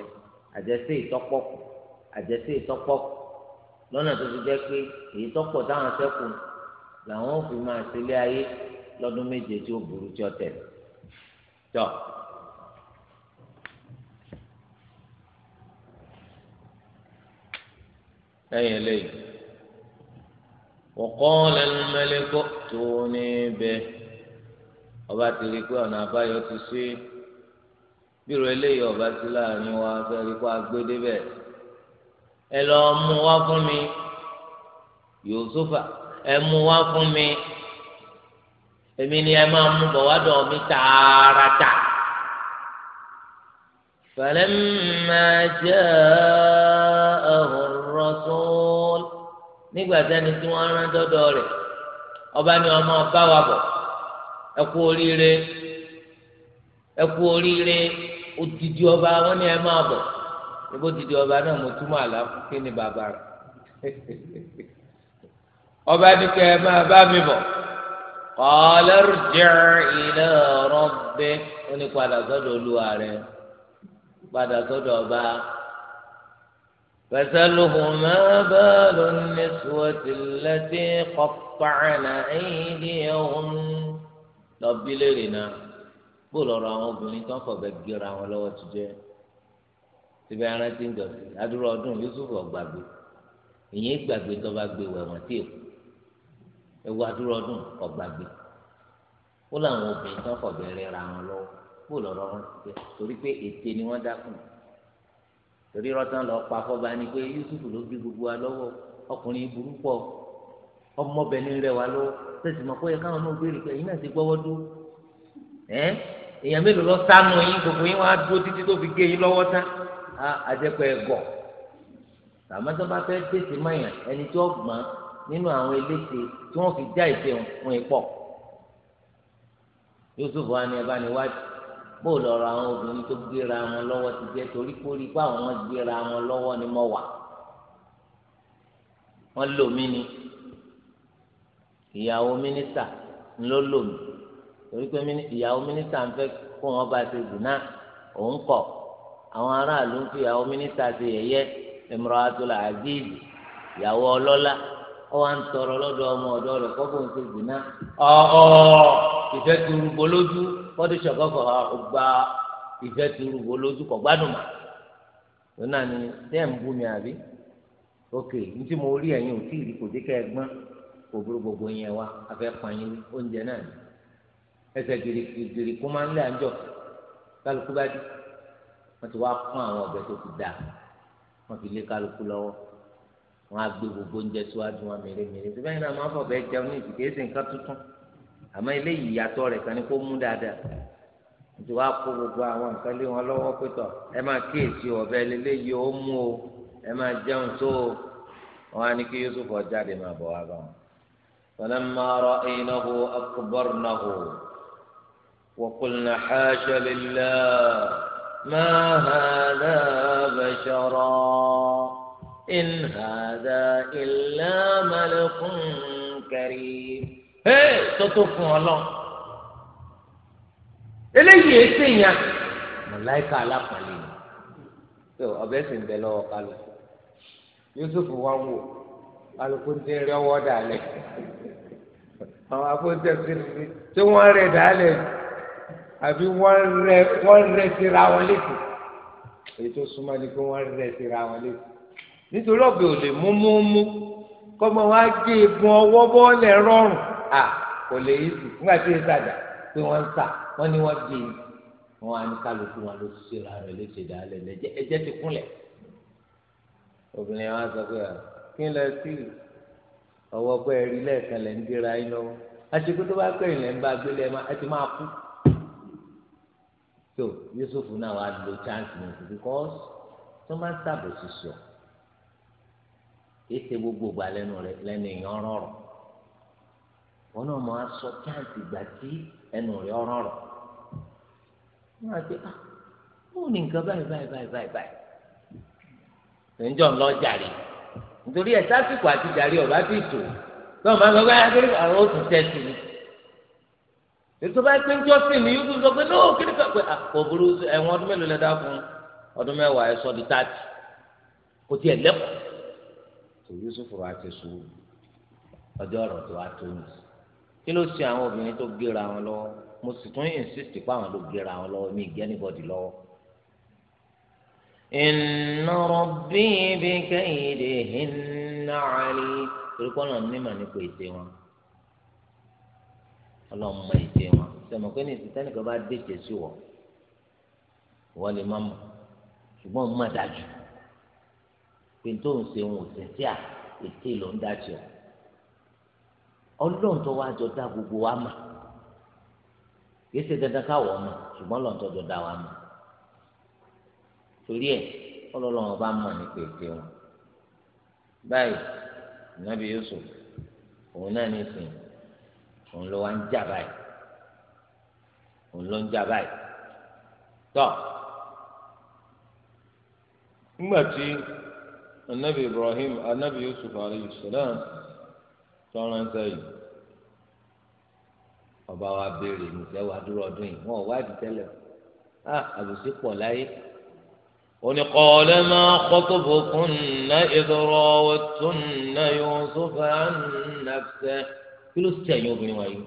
àjẹsẹ́ ìtọ́pọ̀kù àjẹsẹ́ ìtọ́pọ̀kù lọ́nà tó fi jẹ́ pé èyí tọ́pọ̀ táwọn sẹ́kù làwọn ò fi máa ṣe ilé ayé lọ́dún méje tí ó burú tí ó tẹ̀lé tọ́. lẹ́yìn eléyìí wọ́kọ́ọ́lá mẹ́lẹ́kọ́ tó ní bẹ́ ọba ti rí i pé ọ̀nà àbáyọ ti ṣe bírò eléyìí ọba ti láàrin wa fẹ́ẹ́ rí i agbé débẹ̀ ẹ lọ mú wá fún mi Yusufa ẹ mú wá fún mi èmi ni ẹ máa mú bọ̀ wá dọ̀ mí tààràtà. فلما جاءه rasul nígbà tẹ́ni tí wọ́n rán dọ́dọ̀ rẹ̀ ọba ni ọmọ bá wa bọ̀ ẹ kú oríire ẹ kú oríire odidi ọba wọn ni ẹ máa bọ̀ níbo odidi ọba náà mo túmọ̀ àlàfo kí ni bàbá rẹ̀ [laughs] ọba ni kẹ́ ẹ máa bá mi bọ̀ qala irji' ila rabbik ó ní padà sọ́dọ̀ olúwa rẹ̀ padà sọ́dọ̀ ọba. فسلهما بال النسوة التي قطعن أيديهن lọ́bí léèrè náà bó lọ́rọ̀ àwọn obìnrin tó ń fọ̀gbẹ́ gbéra wọn lọ́wọ́ ti jẹ́ síbi ara ti ń dọ̀tí adúrò ọdún Yusuf ọ̀gbàgbé ìyẹn gbàgbé tó bá gbé wẹ̀wọ̀n tí èkó ewu adúrò ọdún ọ̀gbàgbé ó láwọn obìnrin tó ń fọ̀gbẹ́ rẹ̀ ra wọn lọ́wọ́ bó lọ́rọ̀ wọn ti jẹ́ torí pé ète ni wọ́n dákùn torí rọ́tán lọ pa fọba ni pé Yusufu ló gbé gbogbo wa lọ́wọ́ ọkùnrin burú pọ̀ ọmọbìnrin rẹ̀ wà lọ́wọ́ tẹ̀sí mọ̀ pé káwọn náà béèrè pé ẹ̀yin náà ti gbọ́wọ́ dúró ẹ̀ èèyàn mélòó lọ sánú yín gbogbo yín wá dúró títí tó fi gé yín lọ́wọ́ tán àjẹpẹ́ gọ̀ tàmí tó bá fẹ́ tètè mọ̀yàn ẹni tó gbọ́n nínú àwọn eléte tí wọ́n fi já ìfẹ́ wọn pọ̀ Yusufu wa ni ẹ bá ní wájú bóò lọ́rọ̀ àwọn obìnrin tó gbéra wọn lọ́wọ́ ti jẹ́ torí kórí pé àwọn wọn gbéra wọn lọ́wọ́ ni mo wà wọ́n lò mí ni ìyàwó mínísítà ló lò mí torí pé ìyàwó mínísítà ń fẹ́ kó wọn bá ṣe dùn náà òun kọ̀ àwọn aráàlú ń fi ìyàwó mínísítà ṣe yẹ̀yẹ́ Imratul Aziz ìyàwó ọlọ́lá ọwọ́ ń tọrọ lọ́dọ̀ ọmọ ọ̀dọ́ rẹ̀ kọ́ fóun ṣe dùn náà ọ̀ọ́ ìfẹ́ ti rúgbó lójú kọ́dé ṣọ̀kọ́kọ́ ha ọgbà ìfẹ́ ti rú wo lójú kọ̀ gbádùn mà ló náà ni tẹ́ ń bú mi àbí ok ntí mo rí ẹ̀yin ò tí ì rí kò dé ká ẹ kò burú gbogbo yẹn wá afẹ́ pààyàn oúnjẹ náà ni ẹsẹ̀ gèrègèrè kó máa ń lé àjọ kálukú bá dé wọ́n ti wá fún àwọn ọ̀bẹ tó ti dà wọ́n fi lé kálukú lọ́wọ́ wọ́n á gbé gbogbo oúnjẹ síwájú wọn mèremère síbẹ̀ yìí náà máa ń jẹun ní ìsìkè àmọ́ eléyìí ìyàtọ̀ rẹ̀ kan ni kó mú dáadáa nítorí wàá kó gbogbo àwọn nǹkan lé wọn lọ́wọ́ pẹ̀tọ̀ ẹ máa kíyèsí ọ̀bẹ eléyìí ó mú o ẹ máa jẹun tó o wọn á ní kí Yusuf ọ̀jáde máa bọ̀ wá bá wọn. فلما رأينه أكبرنه وقلنا حاش لله ما هذا بشرا إن هذا إلا ملك كريم ee tó tó fún ọ lọ eléyìí èsè yẹn mọláìka alápàlẹ ni tó ọbẹ sì ń bẹ lọ́wọ́ kálọ Yusuf wà ń wò kálukú ń tẹ rẹwọ dàlẹ àwọn afọwọsẹ fífi tí wọn rẹ dàlẹ àbí wọn rẹ wọn rẹ síra wọn létí èyí tó súnmọ́ ni pé wọn rẹ síra wọn létí nítorí ọbẹ ò lè mú mú mú kọ́mọ wa gé egun ọwọ́ bọ́ọ̀lẹ̀ rọrùn à kò lè yí sí nígbà tí yẹn sàjà pé wọ́n ń sà wọ́n ní wọ́n di wọn á ní kálukú wọn ló ṣe ra rẹ̀ léṣe dálẹ̀ lẹ́jẹ̀ ẹ̀jẹ̀ ti kúnlẹ̀ obìnrin wa sọ pé kí lẹ sí ọwọ́ pé ẹ̀rí lẹ́ẹ̀kan lẹ́ ń dira yín lọ́wọ́ àti kó tó bá pẹ̀yìn lẹ́ ń gbélé ẹ̀ máa ẹ ti máa kú tó yusuf náà wàá lo chance nìkan because tó máa ń sàbòsí sọ ètè gbogbo gbà lẹ́nu rẹ̀ lẹ́nu èèyàn rọrùn wọn náà máa sọ táǹtì ìgbà tí ẹnu rẹ ọ̀rọ̀ rọ wọn á gbé ah bóun ní nǹkan báyìí báyìí báyìí báyìí báyìí tẹ̀síjọ́ ńlọ jàre nítorí ẹ̀ sásìkò àti jàre ọ̀bá ti tò lọ́wọ́ máa ń gbọ́ akéwì àwọn oṣù tẹ̀sí ni ètò bá pé ń jọ́ sí ni yóò sọ pé lóò kí ni ká pé àkọ́bùrú ah, ẹ̀wọ̀n ọdún mélòó lẹ́dá fún ọdún mẹ́wàá ẹ̀sọ́ di táàtì kò tiẹ̀ lẹ́kọ̀ọ́ tó Yusuf rà ti sùn ọjọ́ ọ̀rọ̀ tó wá tó nìyí kí ló ṣe àwọn obìnrin tó gbéra wọn lọ́wọ́ mo sì tún insist pé àwọn ló gbéra wọn lọ́wọ́ mi gé anybody lọ́wọ́. inna rabbi bi kaydihinna ali torí kọ́ náà nímọ̀ nípa ète wọn ọlọ́mọ ète wọn sọmọ pé ní ìsìtẹ́nìkan bá dèjè sí wọ wọ́n lè má mọ̀ ṣùgbọ́n mọ̀ dájú pé tóun ṣe òun ò sẹ́ńtíà ète ló ń dájú ọ̀ ọlọ́run tó wá jọ dá gbogbo wa mà kìí ṣe dandan káwọ̀ mà ṣùgbọ́n ọlọ́run tó jọ dá wa mà torí ẹ̀ ọlọ́run ọba mà ní pèsè wọn báyìí nàbí Yusuf òun náà ní sìn òun ló wá ń jà báyìí òun ló ń jà báyìí tọ́ nígbà tí anabi Ibrahim anabi Yusuf alayhi salam tọ́ránṣẹ́ yìí ọba wa béèrè nìkẹ́ wa dúró ọdún yìí wọn ò wádìí tẹ́lẹ̀ á ah, àbùsí pọ̀ láyé onikọọlẹ máa kọtọbọ kún ná ìdọrọ tún ná Yusufa nàfẹ kí ló sẹ́yìn obìnrin wa yìí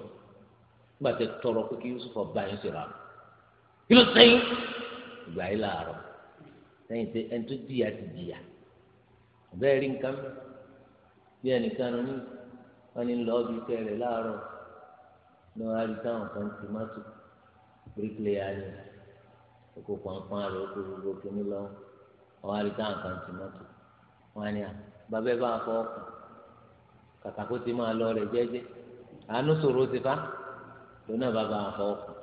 nígbà tẹ tọrọ pé kí Yusufa bá yín sọ̀rọ̀ àná kí ló sẹ́yìn ìgbà yìí làárọ̀ sẹ́yìn tẹ ẹni tó jìyà ti jìyà bẹ́ẹ̀ rí nǹkan bí ẹnìkan ní wọn ní lọ́ọ́ bí tẹ̀rẹ̀ láàárọ̀ ní wọn á rí táwọn kan ti mọ́tò bíríkìlẹ̀yà ni oko pọnpọn rẹ oko gbogbo kìíní lọ wọn á rí táwọn kan ti mọ́tò wọn á ní à bàbá ẹ bá fọ ọkàn kàkà kó ti máa lọ rẹ jẹ́jẹ́ àánú sòro ti fa lónà bàbá wọn fọ ọkàn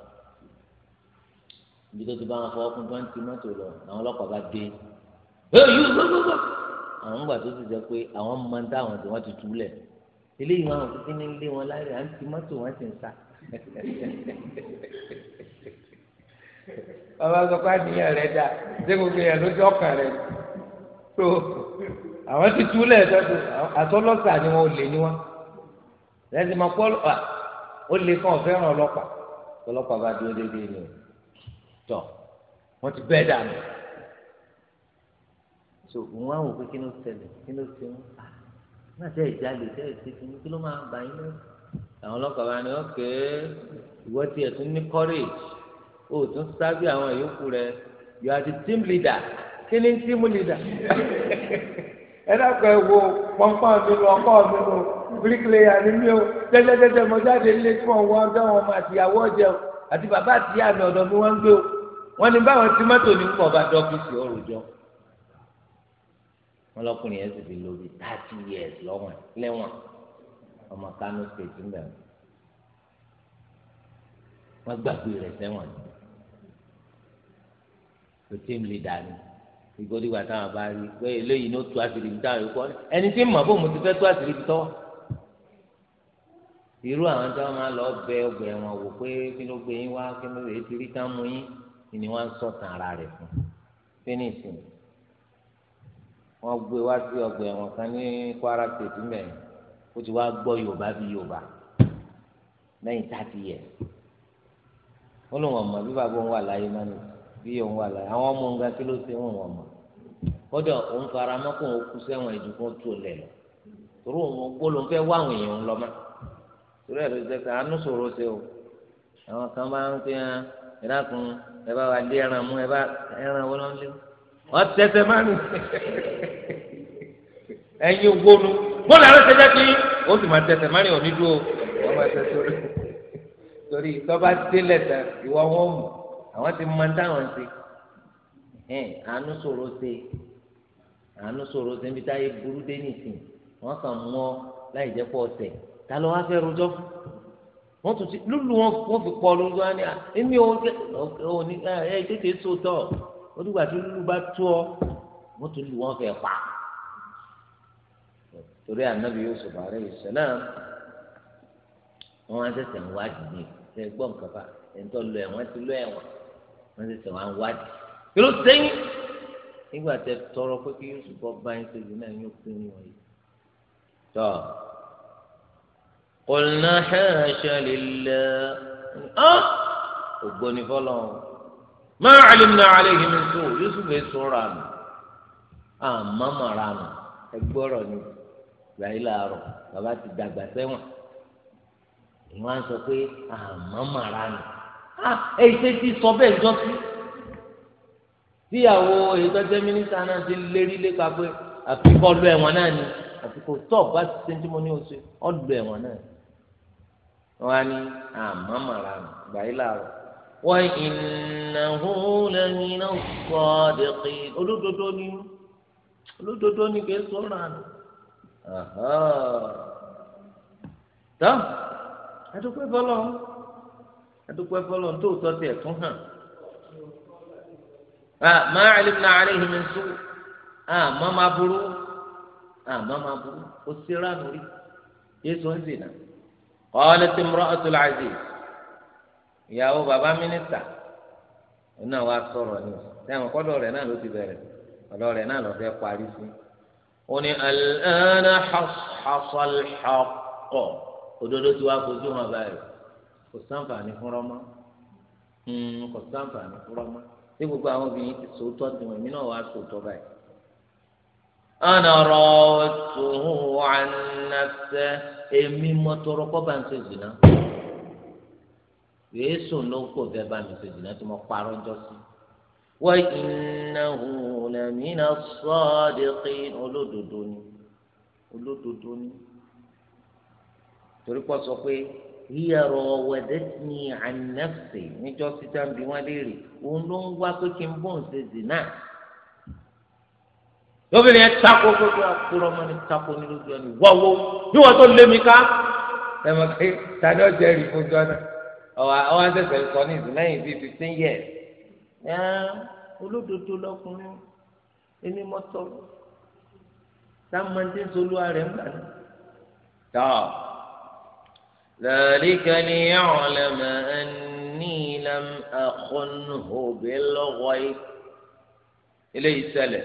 ibi tó ti bá wọn fọ ọkàn tó ń ti mọ́tò lọ àwọn ọlọ́pàá bá dé ẹ àwọn gbà tó ti jẹ pé àwọn máa ń dá àwọn tí wọn ti túlẹ̀ eléyìí wọn àwọn kíkí ní lé wọn láyé à ń ti mọ́tò wọn ti ń sa bàbá sọ pé àníyàn rẹ dà ṣé gbogbo yẹn lójú ọkàn rẹ tó àwọn ti túlẹ̀ àtọ́lọ́sà ni wọn ò lè ní wọn lẹ́sìn máa pọ́ ó lè kàn fẹ́ràn ọlọ́pàá ọlọ́pàá bá dúró déédéé ni tọ́ wọ́n ti bẹ́ẹ̀ dànù so wọn àwọn òkú kí ló ṣẹlẹ̀ kí ló ṣe wọn náà tẹ ìjálè tẹ ìṣètò kí ló máa bá yín lọ. àwọn ọlọ́pàá wa ni wọ́n ké ìwọ tiẹ̀ tún ní courage o tún sábẹ́ àwọn ìyókù rẹ you are the team leader kí ni team leader. [laughs] ẹ dákọ̀ ẹ wo pọ́npọ́n mi lọ ọkọ mi lọ bíríkìlẹ̀yà ni mí o tẹ́tẹ́tẹ́tẹ́ mo jáde nílé tí wọ́n wọ́n wọn máa tìyàwó ọ̀jẹ̀ o àti bàbá àtìyá mi ọ̀dọ̀ mi wọ́n ń gbé o wọ́n ní báwọn tí ní kọ̀ bá dọ́kítì ọ̀rọ̀ jọ wọn lọkùnrin yẹn sì fi lò bí thirty years lọ́wọ́n lẹ́wọ̀n ọmọ Kano state ń bẹ̀ wọ́n wọ́n gbàgbé rẹ̀ sẹ́wọ̀n tó team leader ni ìgbódì wa táwọn bá rí pé eléyìí ló tu àṣírí ibi táwọn yòókù ẹni tí mọ̀ fóun ti fẹ́ tu àṣírí ibi tọ́wọ́ irú àwọn tí wọ́n máa lọ bẹ ọgbẹ wọn wò pé kí ló gbé yín wá kí ló lè ti rí ká mú yín ni wọ́n sọ̀tàn ara rẹ̀ fún fínísì ni wọ́n gbé wá sí ọgbà ẹ̀wọ̀n kan ní Kwara State mẹ́rin ó ti wá gbọ́ Yorùbá bí Yorùbá lẹ́yìn thirty years ó lóun ọmọ bí bàbá òun wà láyé má nì bí òun wà láyé àwọn ọmọ òun ga kí ló ṣe òun ọmọ kódà òun fara mọ́kò òun kú sẹ́wọ̀n ẹ̀dùn kan tó lẹ̀ lọ torí òun gbó ló ń fẹ́ wá àwọn èèyàn lọ mọ́ torí ẹ̀rọ jẹ́ pé àánú sọ̀rọ̀ ṣe o àwọn kan máa ń pè é ẹ̀dá ẹ bá wa lé ẹran mú ẹ bá ẹran wọn lé wọ́n tẹsẹ̀ máa nù ẹ̀yin gbónú bọ́ọ̀lù àwọn ṣẹjẹ́ kí ó sì máa tẹsẹ̀ máa nù onídùú wọ́n máa tẹsẹ̀ orí torí tọ́ba délẹ̀ tán ìwọ wọn mọ̀ àwọn ti máa dáhùn sí ẹ̀ àánú sọ̀rọ̀ sí àánú sọ̀rọ̀ sí níbi táyé burú dé nìsín wọ́n kàn mú ọ láì jẹ́ pọ̀ ọ̀sẹ̀ ta ló wá fẹ́ rojọ́ fún wọ́n tún ti lùlù wọn fi pọ̀ lójú wa ni èmi ò ní ẹ̀ ẹ̀ tètè sòtọ̀ ó dìgbà tí lulu bá tó ọ wọ́n tún lù wọ́n fẹ́ pa torí ànábi Yusuf alayhi salam wọ́n wá sẹ̀sẹ̀ ń wádìí ní ṣe gbọ́n kaba ẹ̀ńtọ́ lọ ẹ̀wọ̀n ti lọ ẹ̀wọ̀n wọ́n sẹ̀sẹ̀ wá ń wádìí kí ló sẹ́yìn nígbà tẹ tọrọ pé kí Yusuf bọ́ bá yín tóbi náà yóò pín in wọ̀nyí tọ́ qulna hasha lillah ọ́ ògbóni fọlọ́run máa àlìmọ́ àlẹ́yìn mi sùn yusuf èso ra nù àmọ́ mà ra nù ẹgbọ́rọ̀ ni ìgbàyìí làárọ̀ bàbá ti dàgbà sẹ́wọ̀n ìwọ́n á sọ pé àmọ́ mà ra nù èyí ṣe ti sọ bẹ́ẹ̀ jọ sí tíyàwó èyí tó jẹ́ mínísítà náà ti lérí lépa pé àfi lu ẹ̀wọ̀n náà ni àfi kò tọ́ ti ṣe tí ní oṣù ọ́ ẹ̀wọ̀n náà wọ́n á ní àmọ́ mà ra nù ìgbàyìí وإنه لمن الصادقين olódodo ni olódodo ni kì í sọ̀rọ̀ àná tó adúpẹ́ fọlọ́ adúpẹ́ fọlọ́ tó tọ́ tiẹ̀ tún hàn ma alimna alayhi min su àmọ́ máa ma àmọ́ máa burú ó sì ránú rí yéésù ìyàwó bàbá mínísítà òun náà wàá sọ̀rọ̀ ni sẹ́wọ̀n kọ́dọ̀ rẹ̀ náà ló ti bẹ̀rẹ̀ ọ̀dọ̀ rẹ̀ náà ló fẹ́ parí sí. ó ní alẹ́nà xasọ̀lxọ̀kọ̀ òdodo tí wàá fojú hàn báyìí kò sáǹfààní fúnra mọ́ hmm, kò sáǹfààní fúnra mọ́ tí gbogbo àwọn obìnrin ti sòótọ́ tí wọ́n mi náà wàá sòótọ́ báyìí. ana rọ̀ tuhu ànàfẹ́ èmi mọ́tòrọ́kọ́ bá ń ṣe kìí sùn ló kò fẹ́ bá mi ṣe jìnnà tí mo parọ́ ń jọ sí. wa innahu lamina as-sadiqin olódodo ni olódodo ni torí pọ̀ sọ pé hiya rawadatni an nafsi níjọ́ síta ń bi wọ́n léèrè òun ló ń wá pé kí n bọ̀ ń ṣe lóbìnrin yẹn tako gbogbo àkúrọ ọmọ ni tako ní lójú ẹni wọ́wọ́ bí wọ́n tó lé mi ká ẹ̀ mọ̀ pé tani ọ̀jẹ̀ rí fojú ọ̀nà ọwọ àwọn àtẹsẹ sọ ní ìsìn lẹ́yìn bíi fifteen years olódodo lọkùnrin ẹni mọtọ sáàmùtí ń solú ara ẹ̀ ń gbà ní. tọ́ ذلك ليعلم أني لم أخنه بالغيب eléyìí ṣẹlẹ̀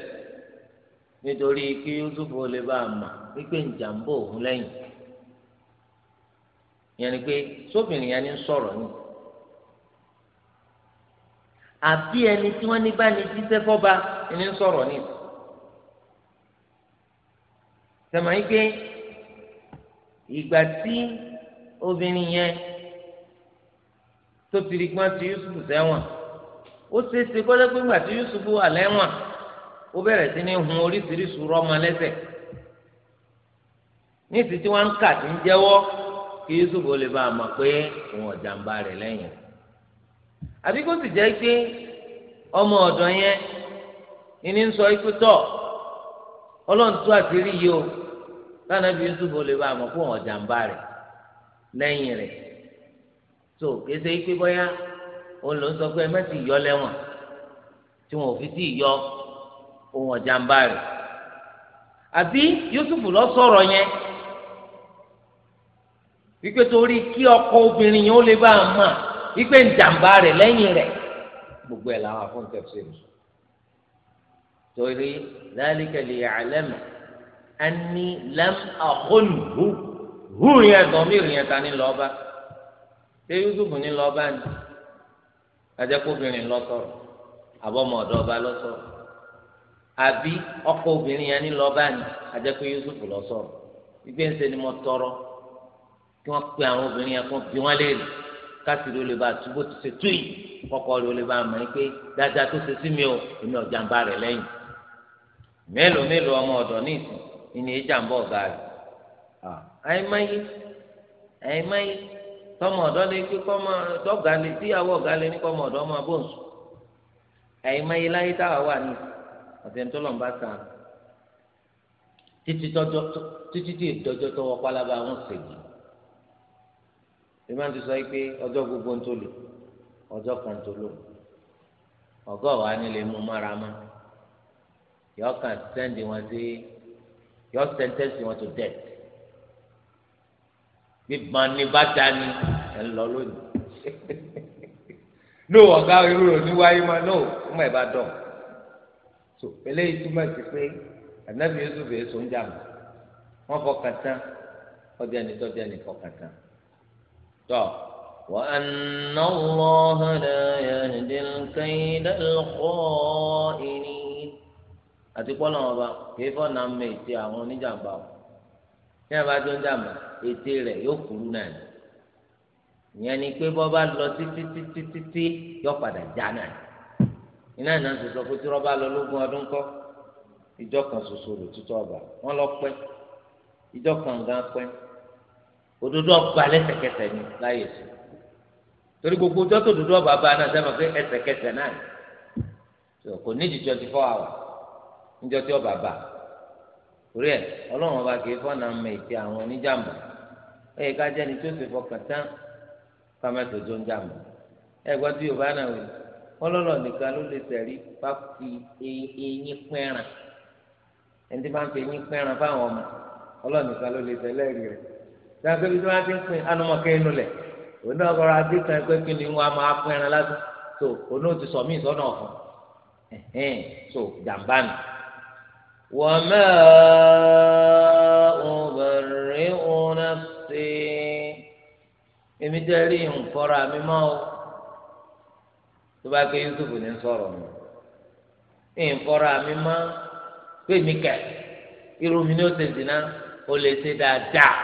nítorí kí Yusuf ò lè bá a mà wípé ń jàǹbó òun lẹ́yìn ìyẹn ni pé sóbìnrin yẹn ni ń sọ̀rọ̀ ni àbí ẹni tí wọ́n ní bá ní jíṣẹ́ fọ́ba ni ń sọ̀rọ̀ ni tẹ̀mọ̀ yín pé ìgbà tí obìnrin yẹn tó ti rí gbọ́n ti Yusuf sẹ́wọ̀n ó ṣeéṣe kọ́lẹ́ pé ìgbà tí Yusuf wà lẹ́wọ̀n ó bẹ̀rẹ̀ sí ní hun oríṣiríṣi rọ́mọ lẹ́sẹ̀ ní ìsìn tí wọ́n ń kà sí ń jẹ́wọ́. kí yusuf ó lè bá a mọ̀ pé òun àbí kó sì jẹ́ pé ọmọ yẹn ìní ń sọ ikú àṣírí yìí o yusuf ó lè bá a mọ̀ pé òun ọ̀jàǹbá rẹ̀ lẹ́yìn rẹ̀ tó kéde ikú bọ́yá òun ló ń sọ yọ tí wọn ò fi yọ àbí yusuf lọ sọrọ yẹn. wípé torí kí ọkọ obìnrin yẹn ó lè bá a mà wípé njàmbá rẹ̀ lẹ́yìn rẹ̀ gbogbo ẹ̀ làwọn afọ́n tẹ̀sí rẹ̀ torí lálẹ́kẹ̀lẹ́ àlẹ́mà á ní lẹ́m àkọlù hù yẹn gan mi rìn ta ní lọ́ọ́bá ṣé Yusuf ní lọ́ọ́bá ni ajẹ́kọ̀ọ́bìnrin lọ́sọ̀rọ̀ àbọ̀mọ̀ ọ̀dọ́ ọba lọ́sọ̀rọ̀ àbí ọkọ obìnrin yẹn ní lọ́ọ́bá ni Yusuf lọ́sọ̀rọ̀ ìgbésẹ̀ ni mo tọrọ kí wọ́n pe àwọn obìnrin yẹn kó bí wọ́n léèrè kásìrì ó lè bá túbọ̀ tó ṣe tú yìí kọ́kọ́ rẹ̀ ó lè bá mọ̀ ẹ́ pé dáadáa tó ṣe sí mi o èmi ò jàǹbá rẹ̀ lẹ́yìn mélòó mélòó ọmọ ọ̀dọ̀ ní ìsìn ìní ìjàǹbá ọ̀gá rẹ̀ àìmáyé àìmáyé tọmọ ọ̀dọ̀ lè gbé kọ́mọ dọ́gà lè tíyàwó ọ̀gá lè ní kọ́mọ ọ̀dọ̀ ọmọ abóǹsù àìmáyé láyé táwa wà ní ọ̀sẹ̀ tó lọ́n bá sàn títí tí ìdọ́jọ́ tọwọ́ pálábá wọn ṣègbè ìmọ̀ ti sọ pé ọjọ́ gbogbo ń tó lò ọjọ́ kan tó lò ọgọ́ wa ni lè mú mára mọ́ yọ kàn sẹ́ndì wọn sí yọ sẹ́ńtẹ́sì wọn tó dẹ̀ bíbọn ní bàtà ni ẹ̀ ń lọ lónìí [laughs] no ọ̀gá irú rẹ̀ ní wáyé máa no ó mọ̀ ẹ̀ bá dọ̀ so eléyìí túmọ̀ sí pé ànábìyẹ́sọ̀ bẹ̀ẹ́ sọ ń jà mọ́ wọ́n fọkàn tán ọjà ní tọ́jà ní fọkàn tán tọ́ وأن الله لا يهدي الكيد الخائنين àti kọ́ lọ́wọ́ bá kì í fọ́nà mọ ète àwọn oníjàmbá o ní abájọ́ jàmbá ète rẹ̀ yóò kúrú náà ni ìyẹn ni pé bọ́ bá lọ títí títí títí yóò padà já náà iná ìná sọ sọ pé tí wọ́n bá lọ lógún ọdún kọ́ ìjọ kan ṣoṣo lò títọ́ ọba wọ́n lọ pẹ́ ìjọ kan gan pẹ́ òdodo ọgbà lẹ́sẹ̀kẹsẹ̀ ni láyè sí torí gbogbo ọjọ́ tó dodo ọba bá náà sẹ́wọ̀n pé ẹsẹ̀kẹsẹ̀ náà ni kò ní ju twenty tí ọba bá torí ẹ ọlọ́run ọba kì í mọ ètí àwọn oníjàmbá ẹ yẹ ká jẹ́ ni tó fọkàn tán fámẹ́tò tó ń jàmbá tí yorùbá náà wí nìkan ló lè sàgbé bí wọn ti ń pin anumọkẹ inú lẹ òun náà kọrọ àti kan pé kí ni wọn máa pín ẹran lásán so òun náà ti sọ mí sọnà ọfún ẹhìn so jàmbá nù. wọ́n mẹ́ẹ̀ẹ́ obìnrin òun náà ṣe èmi rí nǹkọ́ra mi mọ́ o tó bá gbé Yusuf ní sọ̀rọ̀ mi nǹkọ́ra mi mọ́ pé mi kẹ̀ irú mi ní ó ṣe náà ó lè ṣe dáadáa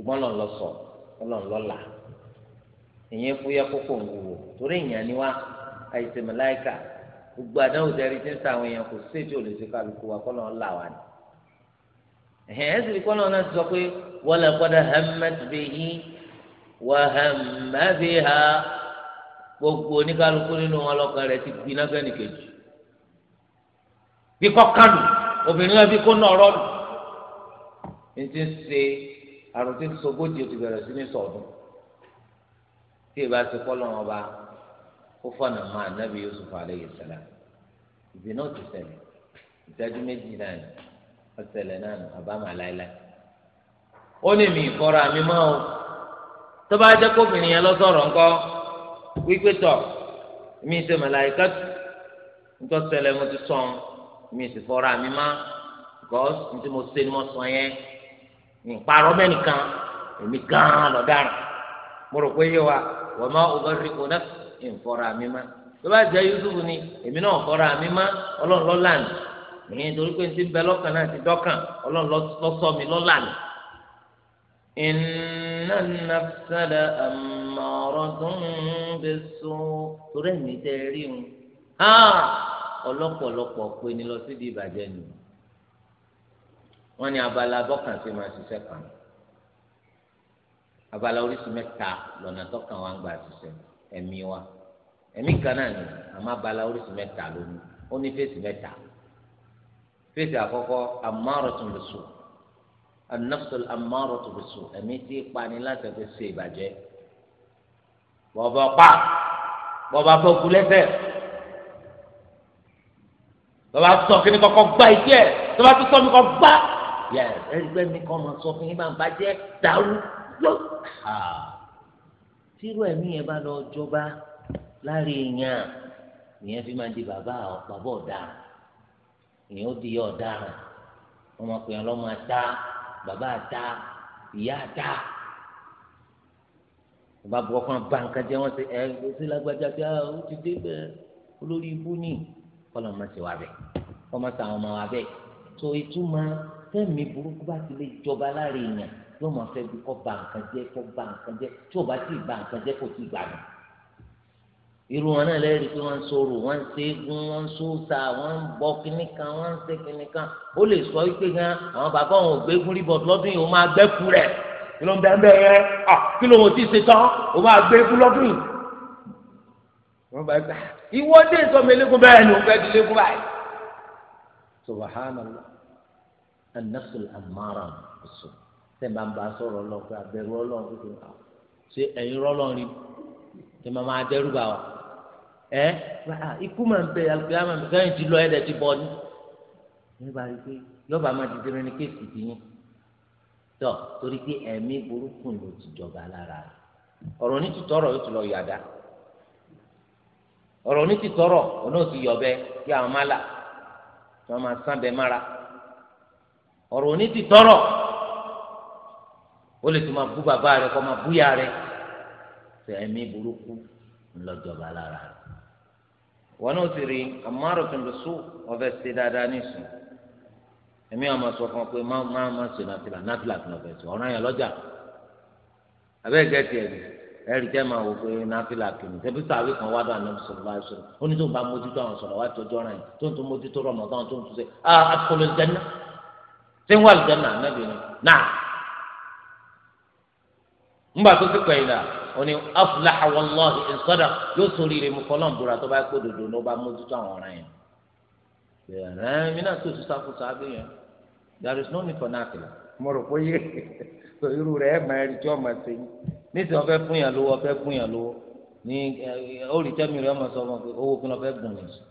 ṣùgbọ́n lọ́n lọ sọ ọlọ́n lọ là ìyẹn fúyẹ́ kókó ń wúwo torí ìyẹn ni wá àìsè màláìkà gbogbo àdáwò tẹ́rí tí ń sa àwọn èèyàn kò séjì ò lè ṣe kálukú wa kọ́ lọ́n là wá ni ẹ̀hìn ẹ̀ sì kọ́ lọ́n náà ti sọ pé wala qad hammat bihi wa hamma biha gbogbo oníkálukú nínú wọn lọ́kàn rẹ̀ ti gbiná fẹ́ni kejì bí kọ́ kánù obìnrin náà bí kó nà ọ̀rọ̀ àrùn tí ń sogójì ti bẹ̀rẹ̀ sí ní sọ̀dún tí ìbá ti kọ́ lọ́wọ́ bá ó fọ̀nà máa nábì Yusuf alayhi salam ìbí náà ti ṣẹlẹ̀ ìtẹ́jú méjì náà ni ọ̀sẹ̀lẹ̀ náà ni àbámà láéláé ó ní mi ìfọ́ra mi mọ́ o tó bá jẹ́ kóbìnrin yẹn lọ́sọ̀rọ̀ ńkọ́ wípé tọ̀ mi ṣe màláìka ńtọ́ ṣẹlẹ̀ mo ti sọ̀n mi ìfọ́ra mi má gọ́ọ̀sì ní mo ṣe ni mo sọ yẹn ìparọ́ mẹ́nìkan èmi gan-an lọ́daràn mo rò pé yé wa wọ́n máa ọgọ́rin kò náà ìfọ̀rọ̀ àmì má tó bá jẹ́ Yusuf ni èmi náà fọ̀rọ̀ àmì má ọlọ́run lọ́la ni ìyẹn torí pé ti bẹ lọ́kàn náà ti dọ́kàn ọlọ́run lọ́sọ mi lọ́la ni. iná nàfẹ́lẹ̀ àmọ̀ràn tó ń bẹ sún torí ẹ̀mí tẹ́ rí wọn ọlọ́pọ̀lọpọ̀ pé ni lọ di ìbàjẹ́ nìyẹn wọ́n ní abala bọ́kàn sí máa ṣiṣẹ́ kan abala oríṣìí mẹ́ta lọ́nà tọ́kàn wa ń gbà ṣiṣẹ́ ẹ̀mí wa ẹ̀mí kan náà ni àmọ́ abala oríṣìí mẹ́ta ló ní ó ní fèsì mẹ́ta fèsì àkọ́kọ́ amárọ̀tún lè sùn anafsul amárọ̀tún lè sùn ẹ̀mí pani láti ẹ̀fẹ́ ṣe ìbàjẹ́ bọ̀bọ̀ pa bọ̀bọ̀ afọ́kù lẹ́sẹ̀ bọ̀bọ̀ sọ kí ni kọ́kọ́ gbá ìjẹ́ bọ̀bọ̀ tó sọ mi kọ́ gbá yẹ ẹgbẹ́ mi kọ́ máa sọ fún yín máa bàjẹ́ dàrú lọ. tírú ẹ̀mí yẹn bá lọ jọba lára èèyàn ìyẹn fi máa di bàbá bàbá ọ̀daràn ìyẹn ó di ọ̀daràn wọ́n máa pè é lọ́mọ ata bàbá ata ìyá ata bàbá bọ́ fún abáǹkà jẹ́ wọ́n ṣe ẹ̀ ẹ́ ṣe lágbájá bí a ó ti dé bẹ́ẹ̀ olórí ibú ni kọ́lọ́ máa ṣe wá bẹ́ẹ̀ kọ́ máa ọmọ wa bẹ́ẹ̀ tó ìtumọ̀ tẹ́mi burúkú bá ti lè jọba láre èèyàn yóò máa fẹ́ bí kọ́ ba nǹkan jẹ́ kọ́ ba nǹkan jẹ́ tí ò bá tí ì ba nǹkan jẹ́ kò tí ì gbà mí. irú wọn náà lẹ́rìí pé wọ́n ń sọ̀rọ̀ wọ́n ń ṣẹ́gun wọ́n ń sọ́sà wọ́n ń bọ kínní kan wọ́n ń ṣe kínní kan ó lè sọ wípé gan àwọn bàbá òun ò gbégún rí bọ̀dù lọ́dún yìí ó máa gbẹ́kú rẹ̀ kí ló ń bẹ́ẹ̀ bẹ́ẹ̀ yẹn à kí ló ti ṣe tán ó máa gbégún lọ́dún yìí. wọ́n bá gbà ah, ìwọ́dé sọmọ elégún bẹ́ẹ̀ anafsul amara ọsọ tẹnba ń bá sọ̀rọ̀ lọ pé abẹ̀rù Ọlọ́run tó fi hàn ṣe ẹ̀yin rọlọrin rí ni màmá adẹrù bá wa ẹ ikú máa ń bẹ alùpùpù máa ń bẹ sẹ́yìn ti lọ ẹ dẹ ti bọ ni nígbà wípé yọba máa ti dẹrẹ ní kéèsì tìyín tọ torí pé ẹ̀mí burúkú ló ti jọba lára rẹ̀ ní ti tọrọ yóò ti lọ yàda ọ̀rọ̀ ní ti tọrọ ọ náà ti yọbẹ kí àwọn má là kí wọn máa sábẹ mára ọ̀rọ̀ òní ti tọrọ ó lè tún máa bú bàbá rẹ kó máa bú ya rẹ tẹ̀mí burúkú ńlọjọba lára rẹ wọn náà ti rí amárò tó ń lọ sùn ọfẹ ṣe dáadáa nìsín ẹmí àwọn máa sọ fún ọ pé má má má ṣe nàfìlà nàfìlà tó ń lọ fẹ ṣe ọ̀ràn yẹn lọ́jà abẹ́ẹ̀gẹ́ tiẹ̀ nìyẹn ẹrí tẹ máa wò pé náfìlà kìíní tẹbi sàbí kan wá dà nàbì sọ̀rọ̀ báyìí sọ̀rọ̀ oní tó ń bá mójútó àwọn sọ̀rọ̀ wá tọjọ ọ̀ràn yìí tó ń tó mójútó rọmọdán tó ń tó ṣe á akọlọ jẹnà ṣé ń wà lùdánù ànábì ni náà ńgbà tó ti pẹ̀yìn dà ó ní afúláhà wallahi in sadaq yóò sórí rẹ̀ mú kọ́lọ́n búra tó bá pé dòdò bá mójútó àwọn ọ̀ràn yẹn ẹ̀rẹ́ mi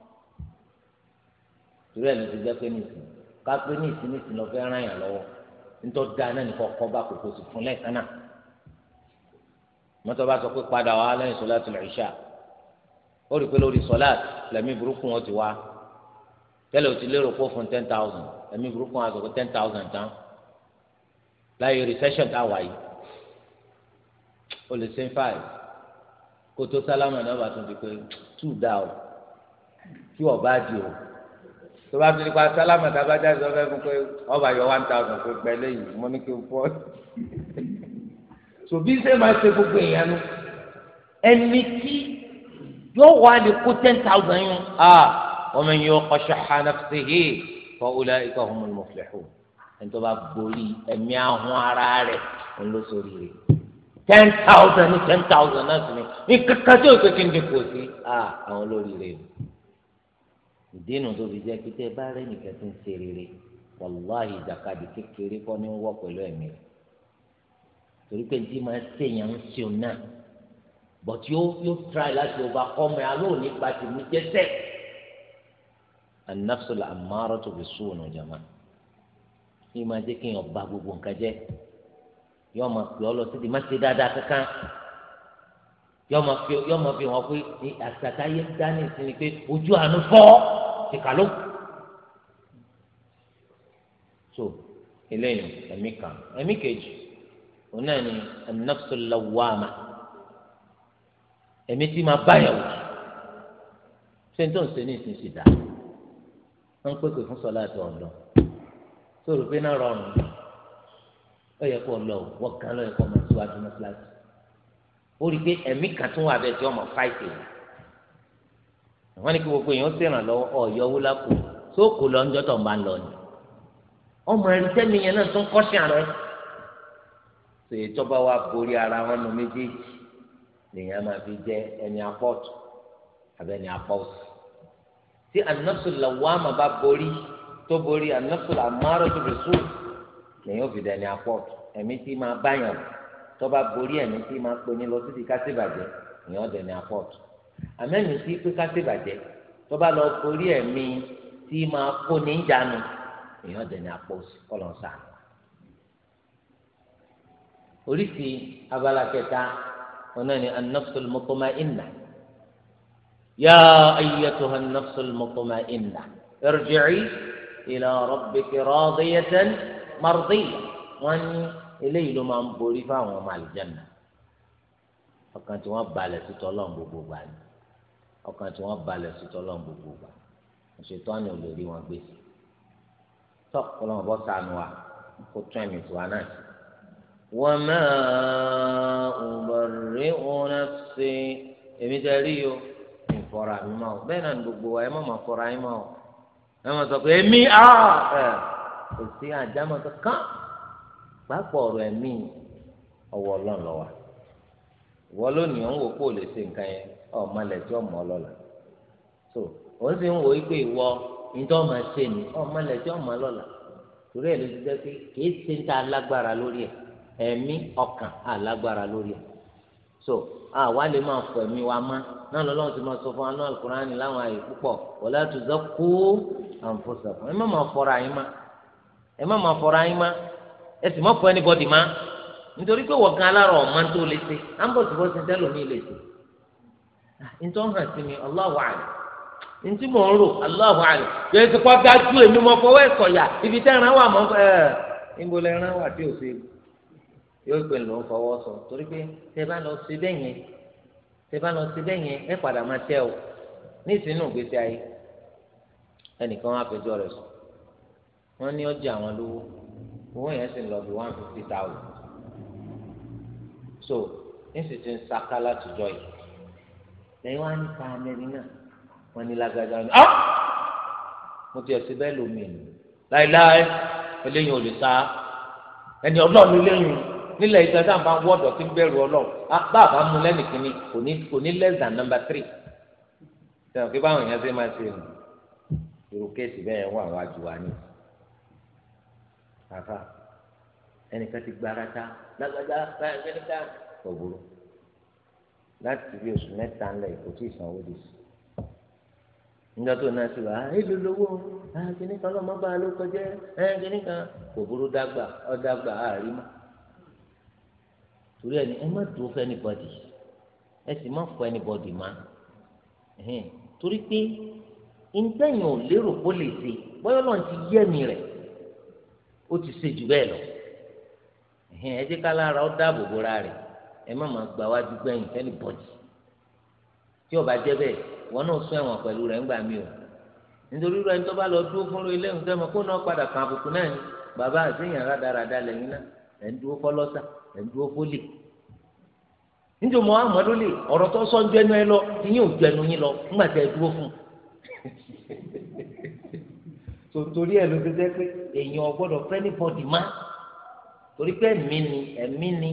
torí ẹ̀ ló ti jẹ́ pé nìsín ká pé nìsín nìsín lọ fẹ́ ràn yàn lọ́wọ́ nítorí da náà nìkan kọ́ bá kòkó sí fún lẹ́ẹ̀kan náà mọ́tò bá sọ pé padà wá lẹ́yìn sọlá tó lè ó rí i pé lórí sọlá lẹ́mí burúkú wọn ti wá tẹ́lẹ̀ ò ti lérò pé fún ten thousand lẹ́mí burúkú wọn àgbẹ̀kọ́ ten thousand tán láyé recession tá a wà yìí ó lè ṣe five kó tó sálámà náà bá tún di pé two dá o kí ọba di o tó bá tó di pa sálámà tá a bá jáde sọfẹ fún pé ọba yọ one thousand fún pẹ̀lẹ́ yìí mo ní kí n fọ tòbí ṣe máa ṣe gbogbo èèyàn nu ẹni tí yóò wá lè kó ten thousand yún a wa man yuqa shuhha nafsihi fa ulaika humul muflihun ẹni tó bá borí ẹ̀mí ahọ́n ara rẹ̀ ń lọ sórí rẹ̀ ten thousand ní ten thousand náà sì ni ní kankan tí o ṣe kí n dín kù sí a àwọn olórí rẹ̀ nù ìdínà tó fi jẹ́ pé tẹ́ bá rẹ́ nìkan ti ń ṣe rere wàláhì ìjàkadì kékeré kọ́ ní wọ́ pẹ̀lú ẹ̀mí rẹ̀ torí pé tí máa ṣèyàn ń ṣeun náà but yóò yóò try láti ọba kọ́mọ ẹ̀ alóò nípa ti mú jẹ́sẹ̀ an-nafsul ammaratu bis-sū' jama yìí máa jẹ́ kéèyàn ba gbogbo nǹkan jẹ́ yóò máa pè ọ́ lọ síbi má ṣe dáadáa kankan yóò máa fi wọn pé àṣàkáyé dání sí ni pé ojú àánú fọ́ ìkà ló. so eléyìí ẹ̀mí kan ẹ̀mí kejì òun náà ni an-nafsu al-lawwama ẹ̀mí tí máa báyàwó ṣé n tó ń ṣe ní ìsinsì dá wọn pèpè fún sọlá àti ọlọ sórí pé náà rọrùn ó yẹ kó lọ wọn kan lọ yẹ kó máa síwájú mọ́sálásí ó rí i pé ẹ̀mí kan tún wà bẹ́ẹ̀ tí wọ́n mọ̀ fáìtì yìí wọ́n ní kí gbogbo èèyàn ṣèrànlọ́wọ́ ọ̀yọ́ wúlá kù tó kù lọ ńjọ́ tó ń bá ń lọ ni ọmọ ẹni tẹ́mi yẹn náà tún kọ́sí àrẹ tó yẹ tọ́ba wa borí ara wọn nù méjèèjì lèèyàn máa fi jẹ ẹni apọ́tù abẹ́ni apọ́tù tí anásùlà wà má bá borí tó borí anásùlà márùn tó fi sùn lèèyàn fi dẹni apọ́tù ẹ̀mí tí máa báyàn tọ́ba borí ẹ̀mí tí máa pe ní lọ títí kásìbàjẹ́ lèèyàn dẹni apọ́tù àmẹ́nu sí pé ká ṣèbàjẹ́ tó bá lọ borí ẹ̀mí tí máa kó ní ìjánu èèyàn dẹ̀ ní apò kọlọ̀nsà. oríṣi abala kẹta ọ̀nà ni anafsul mọ́kọ́má ìnà yá ayyatuha anafsul mọ́kọ́má ìnà irji'i ila rabbiki radiyatan mardiyatan wọ́n ní eléyìí ló máa ń borí fáwọn ọmọ àlùjánnà ọkàn tí wọ́n balẹ̀ sí tọ́lọ́ gbogbo gbà ọkàn tí wọ́n balẹ̀ sí tọ́lọ́ gbogbo gbà ṣètò àná olórí wọn gbé tọ́ ọlọ́run bọ́ sànù wa kó tún ẹ̀mí tiwa náà sí. wọ́n máa ń bọ̀rẹ̀ òun ṣe èmi tẹ́ rí o ìfọ̀rọ̀ àmì máa bẹ́ẹ̀ náà gbogbo wa ẹ má máa fọ̀rọ̀ àmì máa ẹ má sọ pé èmi á ẹ̀ kò sí àjámọ́ kankan pápọ̀ ọ̀rọ̀ ẹ̀mí ọwọ́ ọlọ́run lọ́wọ́ ìwọ lónìí ọ̀hún wò kó o lè ṣe nǹkan yẹn Ọ tí ọmọ ọmụ so òun sì ń ìwọ nítorí ọmọ ṣe ni tí ọmọ torí ẹ ló ti jẹ pé kì í ṣe ń ta alágbára lórí ẹ ọkàn alágbára lórí ẹ so àwa lè máa fọ ẹ̀mí wa má náà lọ́lọ́run ti máa sọ fún láwọn àyè púpọ̀ wọlé àtúnṣe àǹfọ̀sọ̀fọ̀ ẹ má máa nítorí wọn hàn sí mi Allahu a'lam ntí mò ń rò Allahu a'lam yẹ ti kọ́ dájú èmi mọ fọwọ́ ẹ̀sọ̀ yà ibi tẹ́ ẹran wà mọ́ ẹ̀ níbo lẹ ẹran wà tí ò sí yóò pè ló ń fọwọ́ sọ torí pé tẹ bá lọ sí bẹ́ẹ̀ yẹn tẹ bá lọ sí bẹ́ẹ̀ yẹn ẹ padà máa tẹ o ní ìsinú ìgbésí ayé ẹnìkan wá fẹjọ́ rẹ̀ sùn wọ́n ní ọjà àwọn lówó owó yẹn sì lọ bí one fifty thousand so ní sì ti ń saka látijọ́ yìí lẹ́yìn wá ní ká mẹ́rin náà wọ́n ní lágbájá ni ọ́ mo ti ẹ̀sìn bẹ́ẹ̀ lómi ni láéláé eléyìí ò lè sá ẹni ọlọ́ọ̀ni léyìn nílẹ̀ ìta tá bá wọ́ọ̀dọ̀ tí ń bẹ̀rù ọlọ́ọ̀ bá a bá mú lẹ́nu kínní kò ní less than number three sẹ́wọ̀n kí báwọn èèyàn ṣe máa ṣe nù irú kéèsì bẹ́ẹ̀ wà wájú wa ní àfa ẹnìkan ti gbarata lágbájá báyìí kẹ́ni ká láti bí oṣù mẹ́ta ńlẹ̀ kò tí ì sanwó di sí nígbà tó náà ti wà ah, èlò lówó ah, kìnnì kan lọ́mọ bá a ló kọjá eh, kìnnì kan kò burú dágbà ọ́ dágbà á rí mọ́ ẹni ẹ má fún ẹnìbọdì ẹ sì má fọ ẹnìbọdì má torí pé ìtẹ̀yìn ò lérò kó lè ṣe bọ́yọ̀ náà ti yẹ̀mí rẹ̀ ó ti ṣe jù bẹ́ẹ̀ lọ ẹ jẹ́ ká lára dáàbò ẹ má máa gbà wájú gbẹ̀yìn fẹ́ni bọ́dì tí ó bá jẹ́ bẹ́ẹ̀ wọn náà sún ẹ̀wọ̀n pẹ̀lú rẹ̀ ńgbà mí o nítorí rẹ̀ ń tọ́ba lọ dúró fún ilé ìhùn tẹ́mọ̀ kó náà padà kan àbùkù náà ni bàbá àṣeyàn rádaràda lẹ́yìn náà ẹ̀ ń dúró fọlọ́sà ẹ̀ ń dúró fólè nítorí mo amadu le ọ̀rọ̀ tó sọ ń ju ẹnu ẹ lọ ìyẹn ò ju ẹnu yín lọ ńgbà tẹ ẹ dúró fún un. [laughs] tòtòrí ẹ ló ti jẹ pé èèyàn ò gbọ́dọ̀ fẹ́ ní bọ́dì má torí pé ẹ̀mí ni ẹ̀mí ni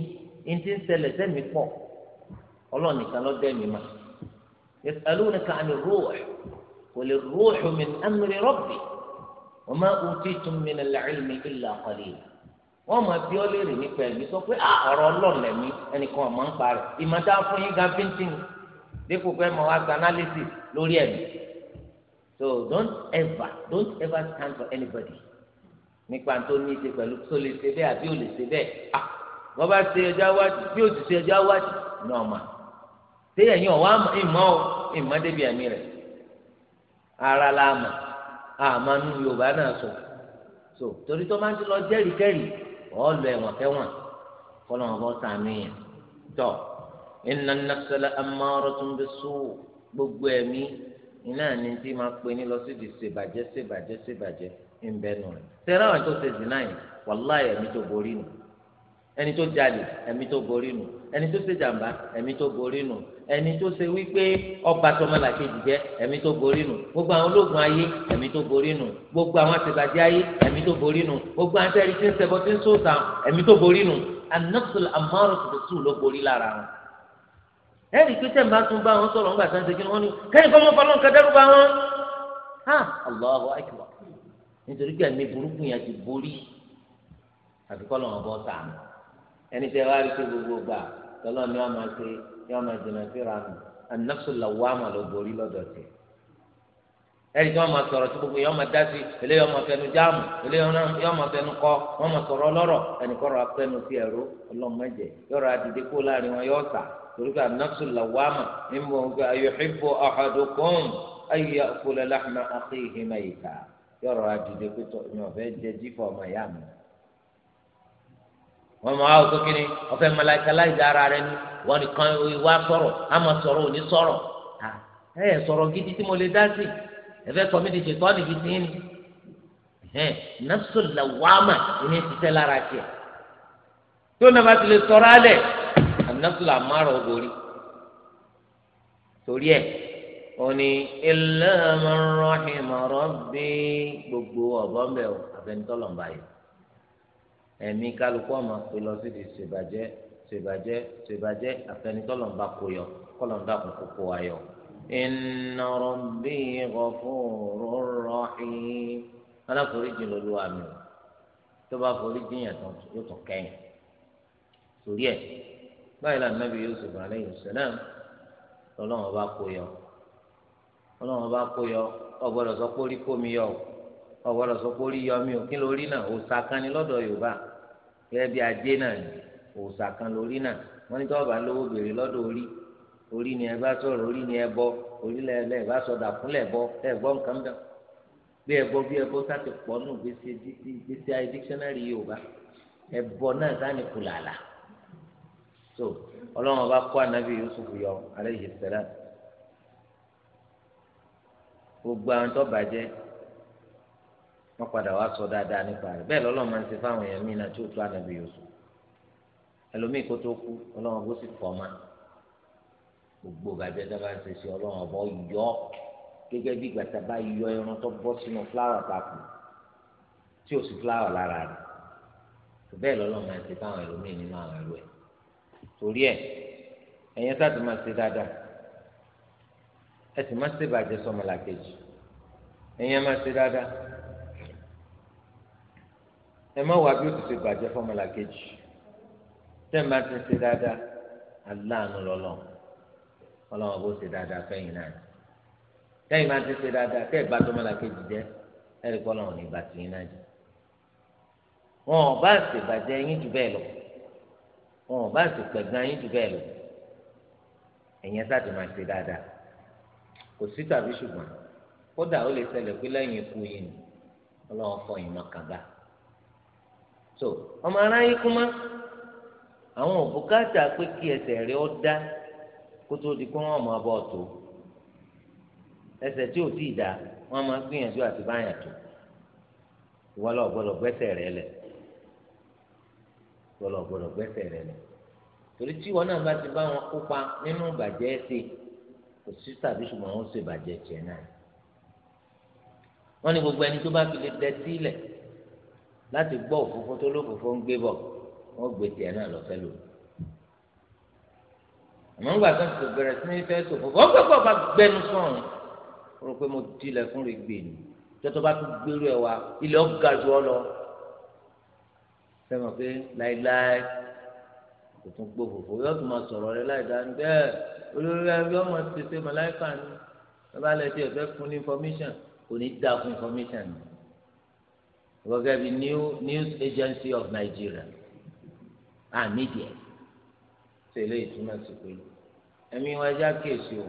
ntí ń ṣẹlẹ̀ sẹ́mi pọ̀ ọlọ́run nìkan ló dẹ́ mi mà yasalunaka ani ruux wòle ruuxu min amri rabbi wa ma utitum min al-ilmi illa qalila wọ́n máa bí ọ́ léèrè nípa ẹ̀mí sọ pé à ah, ọ̀rọ̀ ọlọ́run lẹ̀mí ẹnìkan ọ̀mọ́ ń parẹ́ ìmọ̀tá fún yín gan fíntín dípò pé mo wá gba analysis lórí ẹ̀mí so don't ever don't ever stand for anybody nípa tó ní ṣe pẹ̀lú tó lè ṣe bẹ́ẹ̀ àbí ò lè ṣe bẹ́ẹ̀ ah wọ́n bá ṣe ẹja wájú bí ó ti ṣe ẹja wájú ní ọmọ téèyàn yín ọ̀wá ìmọ̀ ọ ìmọ̀ débi ẹ̀mí rẹ̀ ara la mà àmọ́ nu yorùbá náà sọ so torí tó máa ń ti lọ jẹ́rìí kẹ́rì ọ̀ọ́lọ ẹ̀wọ̀n kẹ́wọ̀n kọ́nà ọ̀bọ sànú yẹn tọ́ iná nàfẹ́lẹ́ amárọ́tún bí sùn gbogbo ẹ̀mí iná ni tí máa pe ní lọ sí di ṣèbàjẹ́ ṣèbàjẹ́ ṣèbàjẹ́ ń bẹ́ẹ̀ nù rẹ̀ tẹ́lẹ̀ àwọn tó ṣe zìnnà yìí wàláyé ẹ̀mí tó borí nù ẹni tó jalè ẹ̀mí tó borí nù ẹni tó ṣe jàmbá ẹ̀mí tó borí nù ẹni tó ṣe wípé ọba tọmọlàkejì jẹ ẹ̀mí tó borí nù gbogbo àwọn ológun ayé ẹ̀mí tó borí nù gbogbo àwọn àtẹ̀bàjẹ́ ayé ẹ̀mí tó borí nù gbogbo àwọn tẹ́rì tí ń ṣẹbọ tí ń sòsà ẹ̀mí tó borí nù anọ́sùl amọ́rọ̀ tuntun ló borí lára wọn. ẹ̀rí pé tẹ̀ ń bá tún bá wọn sọ̀rọ̀ ńgbà tán ṣe kí wọ́n ní kẹ́yìn kọ́ mọ́ fọlọ́n ha Allahu akbar nítorí pé ẹ̀mí burúkú yẹn ti borí àbíkọ́ ẹni tẹ wá rí pé gbogbo gbà tọ́lọ́ ni wọ́n máa ṣe ni wọ́n máa jìnnà síra nù anafsu lawama ló borí lọ́dọ̀ tẹ̀. ẹni tí wọ́n máa sọ̀rọ̀ tí gbogbo yẹn máa dá sí eléyìí wọ́n máa fẹnu jáàmù eléyìí wọ́n máa fẹnu kọ́ wọ́n máa sọ̀rọ̀ ọlọ́rọ̀ ẹni kọ́rọ̀ afẹ́nu sí ẹ̀rọ ọlọ́mọdé yọ̀rọ̀ adìdí kó láàrin wọn yọ̀ ọ̀tà torí pé anafsu lawama ní ń gbé ayọ̀hìbò ahadukum ayé akólẹ̀ láhùnmá akéhìmáyìká yọ̀rọ̀ adìdí kó tó ní ọ̀fẹ́ jẹ́ jífọ̀ wọn mọ àwọn òkè kínní ọfẹ malaikaláìsì ara rẹ ni wọn nìkan ìwà sọ̀rọ̀ àmọ́ sọ̀rọ̀ òní sọ̀rọ̀ ẹ ẹ sọ̀rọ̀ gidi tí mo lè dá sí ẹ fẹ́ sọ mí di ṣètọ́ níbi tí ń ẹn nafsul lawama ìní ṣiṣẹ́ lára tiẹ̀ tí ó nàbà ti lè sọ̀rọ̀ alẹ̀ nafsul amárọ̀ ògòrí torí ẹ̀ òní illa man rahima rabbi gbogbo ọ̀bọ̀n bẹ̀ ọ̀ àfẹnitọ́lọ̀ báyìí ẹ̀mí kálukú ọmọ pé lọ sí di ṣèbàjẹ́ ṣèbàjẹ́ ṣèbàjẹ́ àfẹnitọ́lọ́mbà kò yọ kọ́lọ́mbà kò kókó ayọ̀. inna rabbi ghafurur rahim aláforíjì lolúwa mi o tó bá foríjì yẹn tán yóò tún kẹ́yìn sórí ẹ̀ báyìí la Nabi Yusuf alayhi salam lọ́lọ́wọ́n bá kó yọ lọ́lọ́wọ́n bá kó yọ ọ̀gbọ́dọ̀ sọ pé orí kó mi yọ ọ̀gbọ́dọ̀ sọ pé orí yọ mi ò kí lórí náà ò sàkánni lọ́dọ̀ Yorùbá gẹ́gẹ́ bí ajé náà ni òòsà kan lórí náà wọ́n ní tí wọ́n bá lówó béèrè lọ́dọ̀ orí orí ni ẹ bá sọ̀rọ̀ orí ni ẹ bọ orí lẹ́ẹ̀lẹ́ ẹ bá sọ̀dà fúnlẹ̀ bọ ẹ gbọ́ nǹkan dán bí ẹ bọ bí ẹ bọ sáti pọ̀ nù gbèsè gbèsè ayé dictionary yorùbá ẹ bọ náà sáni kùlàlà so ọlọ́run ọba kó anabi yusuf yọ alẹ́ yìí sẹ́lẹ̀ gbogbo àwọn tó bàjẹ́ wọ́n padà wá sọ dáadáa nípa rẹ̀ bẹ́ẹ̀ lọ́lọ́run máa ń ṣe fáwọn èèyàn mí náà tí ó tó ànábì Yusuf ẹlòmíì kó tó kú ọlọ́run bó sì fọ́ ma gbogbo bàjẹ́ tó bá ń ṣe sí ọlọ́run ọ̀bọ yọ gẹ́gẹ́ bí gbàtà bá yọ irun tó bọ́ sínú fúláwà papò tí ò sí fúláwà lára rẹ̀ bẹ́ẹ̀ lọ́lọ́run máa ń ṣe fáwọn ẹlòmíì nínú àwọn ẹrú ẹ̀ torí ẹ̀ ẹ̀yẹn sáàtì máa ṣe dáadáa ẹ sì máa ṣe bàjẹ́ sọmọlàkejì ẹ̀yẹn máa ṣe dáadáa ẹ má wá bí ó ti ṣe bàjẹ́ fọmọlà kejì tẹ́ ẹ má ti ṣe dáadáa aláàánú lọ́lọ́ ọlọ́wọ́n bó ṣe dáadáa fẹ́yìn náà tẹ́ ẹ má ti ṣe dáadáa tẹ́ ẹ bá tọmọlà kejì jẹ́ ẹ rí kọ́lọ́wọ́n ní bàtì yín náà jẹ́ wọn ò bá ṣe bàjẹ́ yín jù bẹ́ẹ̀ lọ wọn ò bá ṣe pẹ̀gàn yín jù bẹ́ẹ̀ lọ ẹ̀yẹn sáàtì máa ṣe dáadáa kò sí tàbí ṣùgbọ́n kódà ó lè ṣẹlẹ̀ pé lẹ́yìn ikú yìí ni fọ ìmọ̀ kàgbà so ọmọ aráyé kúmá àwọn òbúkátà pé kí ẹsẹ̀ rẹ ó dá kó tó di pé wọ́n máa bọ̀ tó ẹsẹ̀ tí ò tíì dá wọ́n máa gbìyànjú àti báyà tó ìwọ lọ gbọ́dọ̀ gbẹ́sẹ̀ rẹ lẹ̀ ìwọ lọ gbọ́dọ̀ gbẹ́sẹ̀ rẹ lẹ̀ torí tí ìwọ náà bá ti bá wọn kópa nínú ìbàjẹ́ ẹsẹ̀ kò sí tàbí ṣùgbọ́n wọ́n ṣe ìbàjẹ́ tiẹ̀ náà wọ́n ní gbogbo ẹni tó bá fi lè dẹ sílẹ̀ láti gbọ́ òfófó tó lófófó ń gbé bọ̀ wọ́n gbé tiẹ̀ náà lọ fẹ́lò. àmọ́ ńgbà tó ti bẹ̀rẹ̀ sí ní fẹ́ sòfófó ó gbẹ́gbọ́ bá gbẹnu sọ̀rùn ó rò pé mo tilẹ̀ fún rẹ̀ gbè ní tọ́tọ́ bá tún gbérú ẹ̀ wá ilẹ̀ ọ̀gá ju ọ lọ. sẹ́wọ̀n pé láéláé kò tún gbó fòfò yóò tún máa sọ̀rọ̀ rẹ láì dáa níbẹ̀ olórí ẹbí ọmọ ti ṣe mọ̀láìkà ni ẹ bá lẹ ti ẹ̀fẹ́ fún information kò ní dáa information gẹ́gẹ́ bí new news agency of Nigeria à ah, media. ẹ̀ tẹ̀lé ìtumọ̀ sí pé ẹ̀mí wa ẹja kéèsì o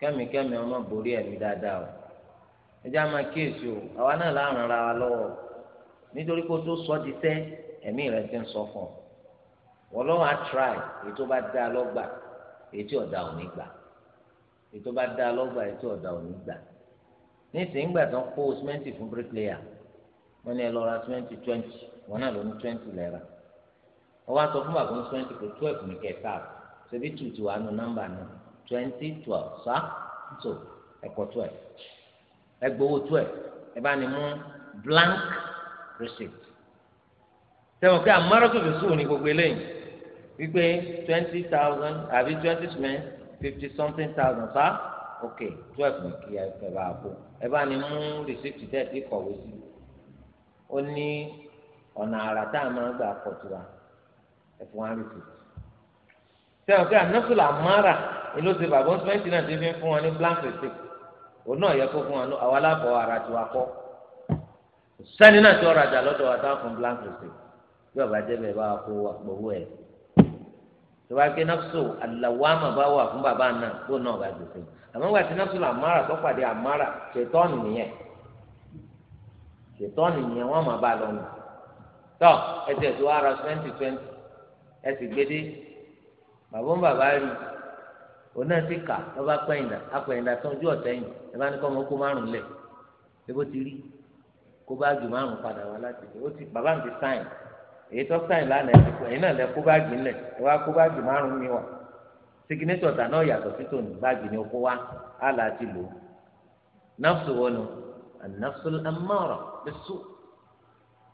kẹ́mìkẹ́mì ọmọ borí ẹ̀mí dáadáa o ẹja máa kéèsì o àwa náà láàrin ara wa lọ́wọ́ nítorí kó tó sọ di tẹ́ ẹ̀mí rẹ̀ ti ń sọ fún ọ wọ́n lọ́wọ́ á try èyí tó bá dá lọ́gbà èyí tí ọ̀dà ò ní gbà èyí tó bá dá lọ́gbà èyí tí ọ̀dà ò ní gbà nísìnyí gbà tán kó simẹ́ǹtì fún bricklayer wọ́n ní ẹ lọ ra twenty twenty wọn náà ló ní twenty lẹ́ra wọ́n wá sọ fún bàbá ní twenty pé twelve ní kẹta ṣebí two ti wà nù nọ́mbà náà twenty twelve sá so ẹ̀kọ́ twelve ẹgbowó twelve ẹ bá ní mú blank receipt sẹ́wọ̀n pé amárọ́tòfin sùn ní gbogbo eléyìí wípé twenty thousand àbí twenty cement fifty something thousand sá ok twelve ní kí ẹ bá a kó ẹ bá ní mú receipt tẹ̀ tí kọ̀wé sí i ó ní ọ̀nà àrà tá a máa ń gbà pọ̀ jù wa ẹ̀fọ́ sẹ́wọ̀n pé ànáfùlà mara ni ló ṣe bàbá ọ̀sùnmẹ́ntì náà ti fi ń fún wọn ní blank receipt òun náà yẹ kó fún wọn àwa lábọ̀ ara ti wa kọ́ sẹ́ni náà ti ọ̀rọ̀ àjà lọ́dọ̀ wa táwọn fún blank receipt bí ọba jẹ́ bẹ́ẹ̀ bá wa kó àpòwó ẹ̀ tó bá gé nafsu alawama bá wà fún bàbá náà tó náà bá dùn àmọ́ wà sí nafsu àmàrà tó pàdé àmàrà ṣètọ́nù nìyẹn ṣètọ́nì yẹn wọ́n máa bá lọ nù tọ́ ẹsẹ̀ tó wá ra twenty twenty ẹsẹ̀ gbédé bàbá ń bàbá rí òun náà ti kà lọ́ba pẹ̀yìndà apẹ̀yìndà tó ń jú ọ̀tẹ́yìn ẹ bá ní kọ́ ọmọ kó márùn-ún lẹ̀ ṣé bó ti rí kó báàgì márùn-ún padà wá láti ṣe ó ti bàbá mi ti sáyìn èyí tó sáyìn lánàá ẹ̀ ti kọ ẹ̀yin náà lẹ kó báàgì ńlẹ̀ ẹ wá kó báàgì márùn mi wà siginésọ̀ tà náà yàtọ̀ sí tòun báàgì ni ó kó wá á là lò náfṣù wọnú ànáfṣù amára bẹ́sù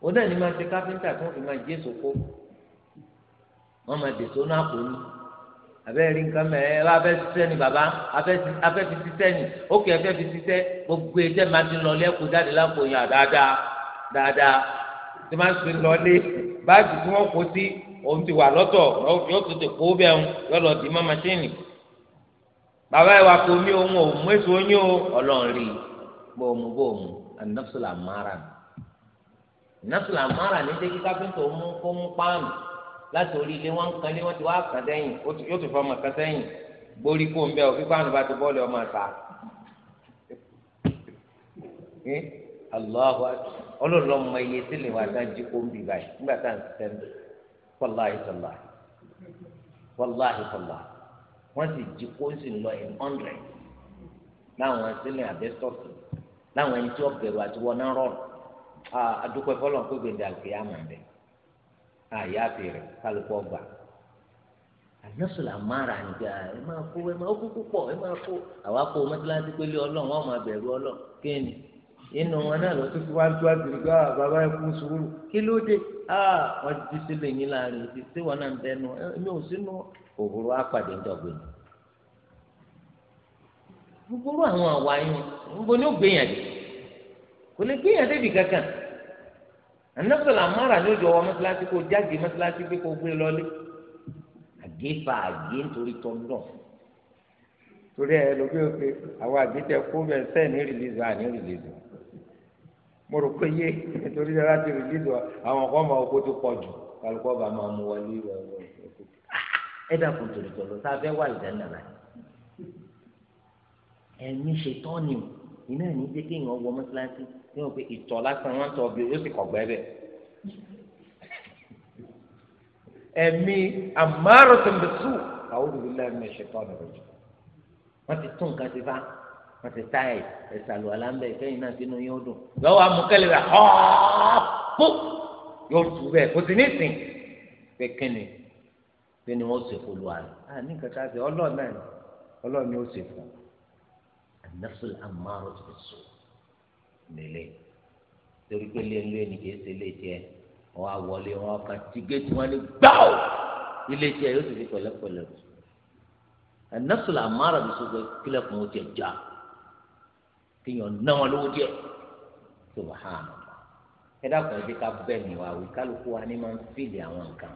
òun náà ní máa ṣe káfíńtà tí wọ́n fi máa jésù kó wọ́n máa dèso náà kó ní abẹ́rẹ́ nǹkan mẹ́rin ẹ bá fẹ́ ṣiṣẹ́ ni bàbá afẹ́ fi ṣiṣẹ́ ni ókè ẹ fẹ́ fi ṣiṣẹ́ gbogbo ẹ̀ tẹ́ máa ti lọ lẹ́kọ̀ọ́ jáde lápò yàn dáadáa dáadáa tí máa ń sùn lọ lé báàgì tí wọ́n kó sí òun ti wà lọ́tọ̀ yóò tún ti kó bẹ́ẹ̀ ń yọ̀lọ̀ dì má máṣíìnì bàbá ẹ̀ wà kó mi ò mú èso oyún o ọlọ́run rí bó mu anafsula mara anafsula mara ní jẹ́ kí káfíńtà ó mú kó mú páànù láti orí ilé wọn kan ní wọn ti wá kàn sẹ́yìn yóò tún fọ ọmọ kan sẹ́yìn gbórí kó ń bẹ òfin páànù bá ti bọ́ọ̀lù ọmọ àtà allahu ọlọlọ mọ iye tí lè wà dájú kó ń bì báyìí nígbà tá à ń sẹ ń bẹ wàláhi sọlá wọn sì jí kó ń sì lọ in hundred láwọn sílẹ̀ àbẹ́sọ̀tún láwọn ẹni tí wọ́n bẹ̀rù àti wọ́n náà rọrùn adúpẹ́ fọlọ́n pé gbèndé àgbéyà mà bẹ́ẹ̀ àyà bèrè kálukú ọgbà ànásùlà mara nìgbà ẹ máa kó ẹ máa kó púpọ̀ ẹ máa kó àwa kó mọ́tíláṣí pélé ọlọ́run wọn máa bẹ̀rù ọlọ́run kéènì inú wọn náà lọ sí fún àgbèrè gbà bàbá ẹ sùúrù kí ló dé wọn gbogbo àwọn àwa yín gbogbo ní ó gbéyàn dé kò lè gbéyàn débi kankan anasọlá mara ní ojú ọwọ́ mọ́sálásí kò jáde mọ́sálásí pé kò gbé lọlé àgéfà àgé nítorí tọdọ torí ẹ lóbi òkè àwọn àgbẹtẹ kó bẹ sẹ́ẹ̀ ní rìlíìsì àní rìlíìsì mo rò pé yé nítorí ẹ láti rìlíìsì àwọn ọkọ ọmọ oko tó pọ̀ jù kálukọ bá máa mú wọlé ah, ẹ dàkùn tòlítọ lọ sáfẹ wà lìdáná náà ẹ̀mí ṣètọ́ni o iná ní jẹ́ kéèyàn wọ mọ́sálásí ní wọ́n pe ìtọ̀ lásán wọn tọ̀ bí ó sì kọ̀gbẹ́ bẹ̀. ẹ̀mí amárùtúndùsù àwọn olùdílé ẹ̀mí ṣètọ́ni rẹ̀ wọ́n ti tún nǹkan ti fa wọ́n ti tá ẹ̀ ẹ̀sàlù alámbẹ̀ ìfẹ́yìn náà sínú yóò dùn lọ́wọ́ amúkẹ́lẹ́ rẹ̀ họ́ọ́pù yóò tù bẹ́ẹ̀ kò sí ní sìn pé kíni pé ni wọ́n ṣèkó lu àná. àní kankan ṣe ọlọ́ọ̀ náà ọlọ́ọ̀ ni ó ṣèkó an-nafsul ammaratu bis-su' nílé torí pé ilé ńlé ni kìí ṣe ilé tiẹ̀ wọn á wọlé wọn kà tí géètì wọn lè gbáò ilé tiẹ̀ yóò sì fi pẹ̀lẹ́pẹ̀lẹ́ tù an-nafsul ammaratu bis-su' kílẹ̀kùn ó tiẹ̀ já kéèyàn ná wọn lówó díẹ̀ tó bá hàn án ẹ dákun ẹbí ká bẹ́ẹ̀ ni wá wí kálukú wa ni máa ń fìdí àwọn nǹkan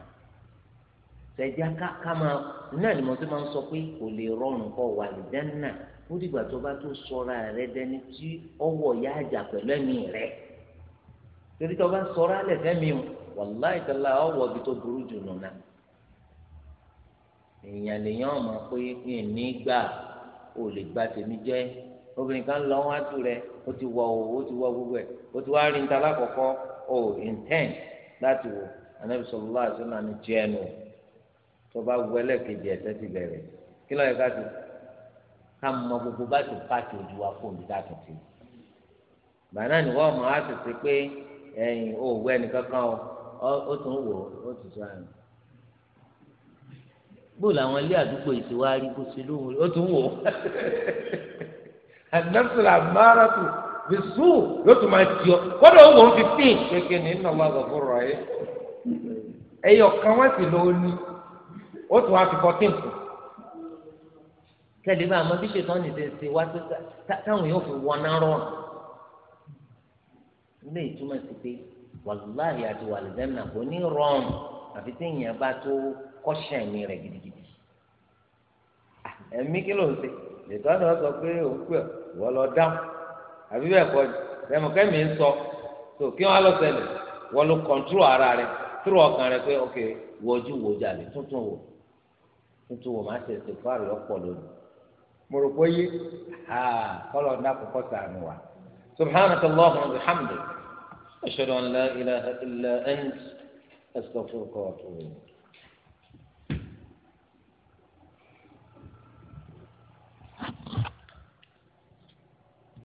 sẹ́jà ká máa náà ni mo ti máa ó dìgbà tó bá tó sọra rẹ dẹni tí ọwọ́ ya àjà pẹ̀lú ẹ̀mí rẹ torí tó bá sọra lẹ̀ fẹ́mi o wàláì tẹ́lá ọwọ́ ibi tó burú jù nù náà èèyàn lèèyàn mọ̀ pé mi ní gbà ò lè gba tèmi jẹ́ obìnrin kan lọ wá tù rẹ ó ti wọ òwò ó ti wọ gbogbo ẹ̀ ó ti wá rí níta lákọ̀ọ́kọ́ o intent láti wò anabi sallallahu alaihi wasallam jẹ́ ẹnu tó bá wọ ẹlẹ́kejì ẹ̀sẹ̀ ti bẹ̀rẹ̀ kí lọ́ọ́ ká ti ká mọ gbogbo bá ti pàṣẹ ojú wa fún omi dáàtún sí i bàánà ni wọ́n mọ̀ á sì ṣe pé ẹ̀yìn ò wẹ́ nìkankan o ó tún wò ó ti sọ àná bóòlù àwọn ilé àdúgbò ìṣèwárí kó ṣe lóhùn ó tún wò ó àdásílà márùtù bisu yóò tún máa tiọ kọ́dọ̀ ó fi pín kéèké ní nàlọ́ àgbàfọ́ rọ̀ ẹ́ ẹ̀yọ̀ kan wọ́n sì lọ́ọ́ ní ó tún wá fi kọ́ tí nǹkan. kẹ́lẹ́ bá àmọ́ bí ṣètò ọ̀nì ti ṣe wá táwọn yóò fi wọná rọrùn ilé ìtumọ̀ sí pé wàlúùláyà àti wàlúùdẹ́nà kò ní rọrùn àfi tí ìyẹn bá tó kọ́ṣẹ́ rẹ̀ gidigidi ah, ẹ̀mí kí ló ń ṣe ètò ọ̀nà sọ pé wọ́n lọ àbí bẹ́ẹ̀ kọ́ ń sọ tó kí wọ́n á lọ wọ́n ara rẹ̀ tírò ọkàn rẹ̀ pé ok tuntun tuntun ṣe ọ̀pọ̀ lónìí mo rò pé yé kọ́lọ̀ ní àkọ́kọ́ sànù wa subhanaka allahumma wa bihamdika ashhadu an la ilaha illa ant astaghfiruka wa atubu ilayk.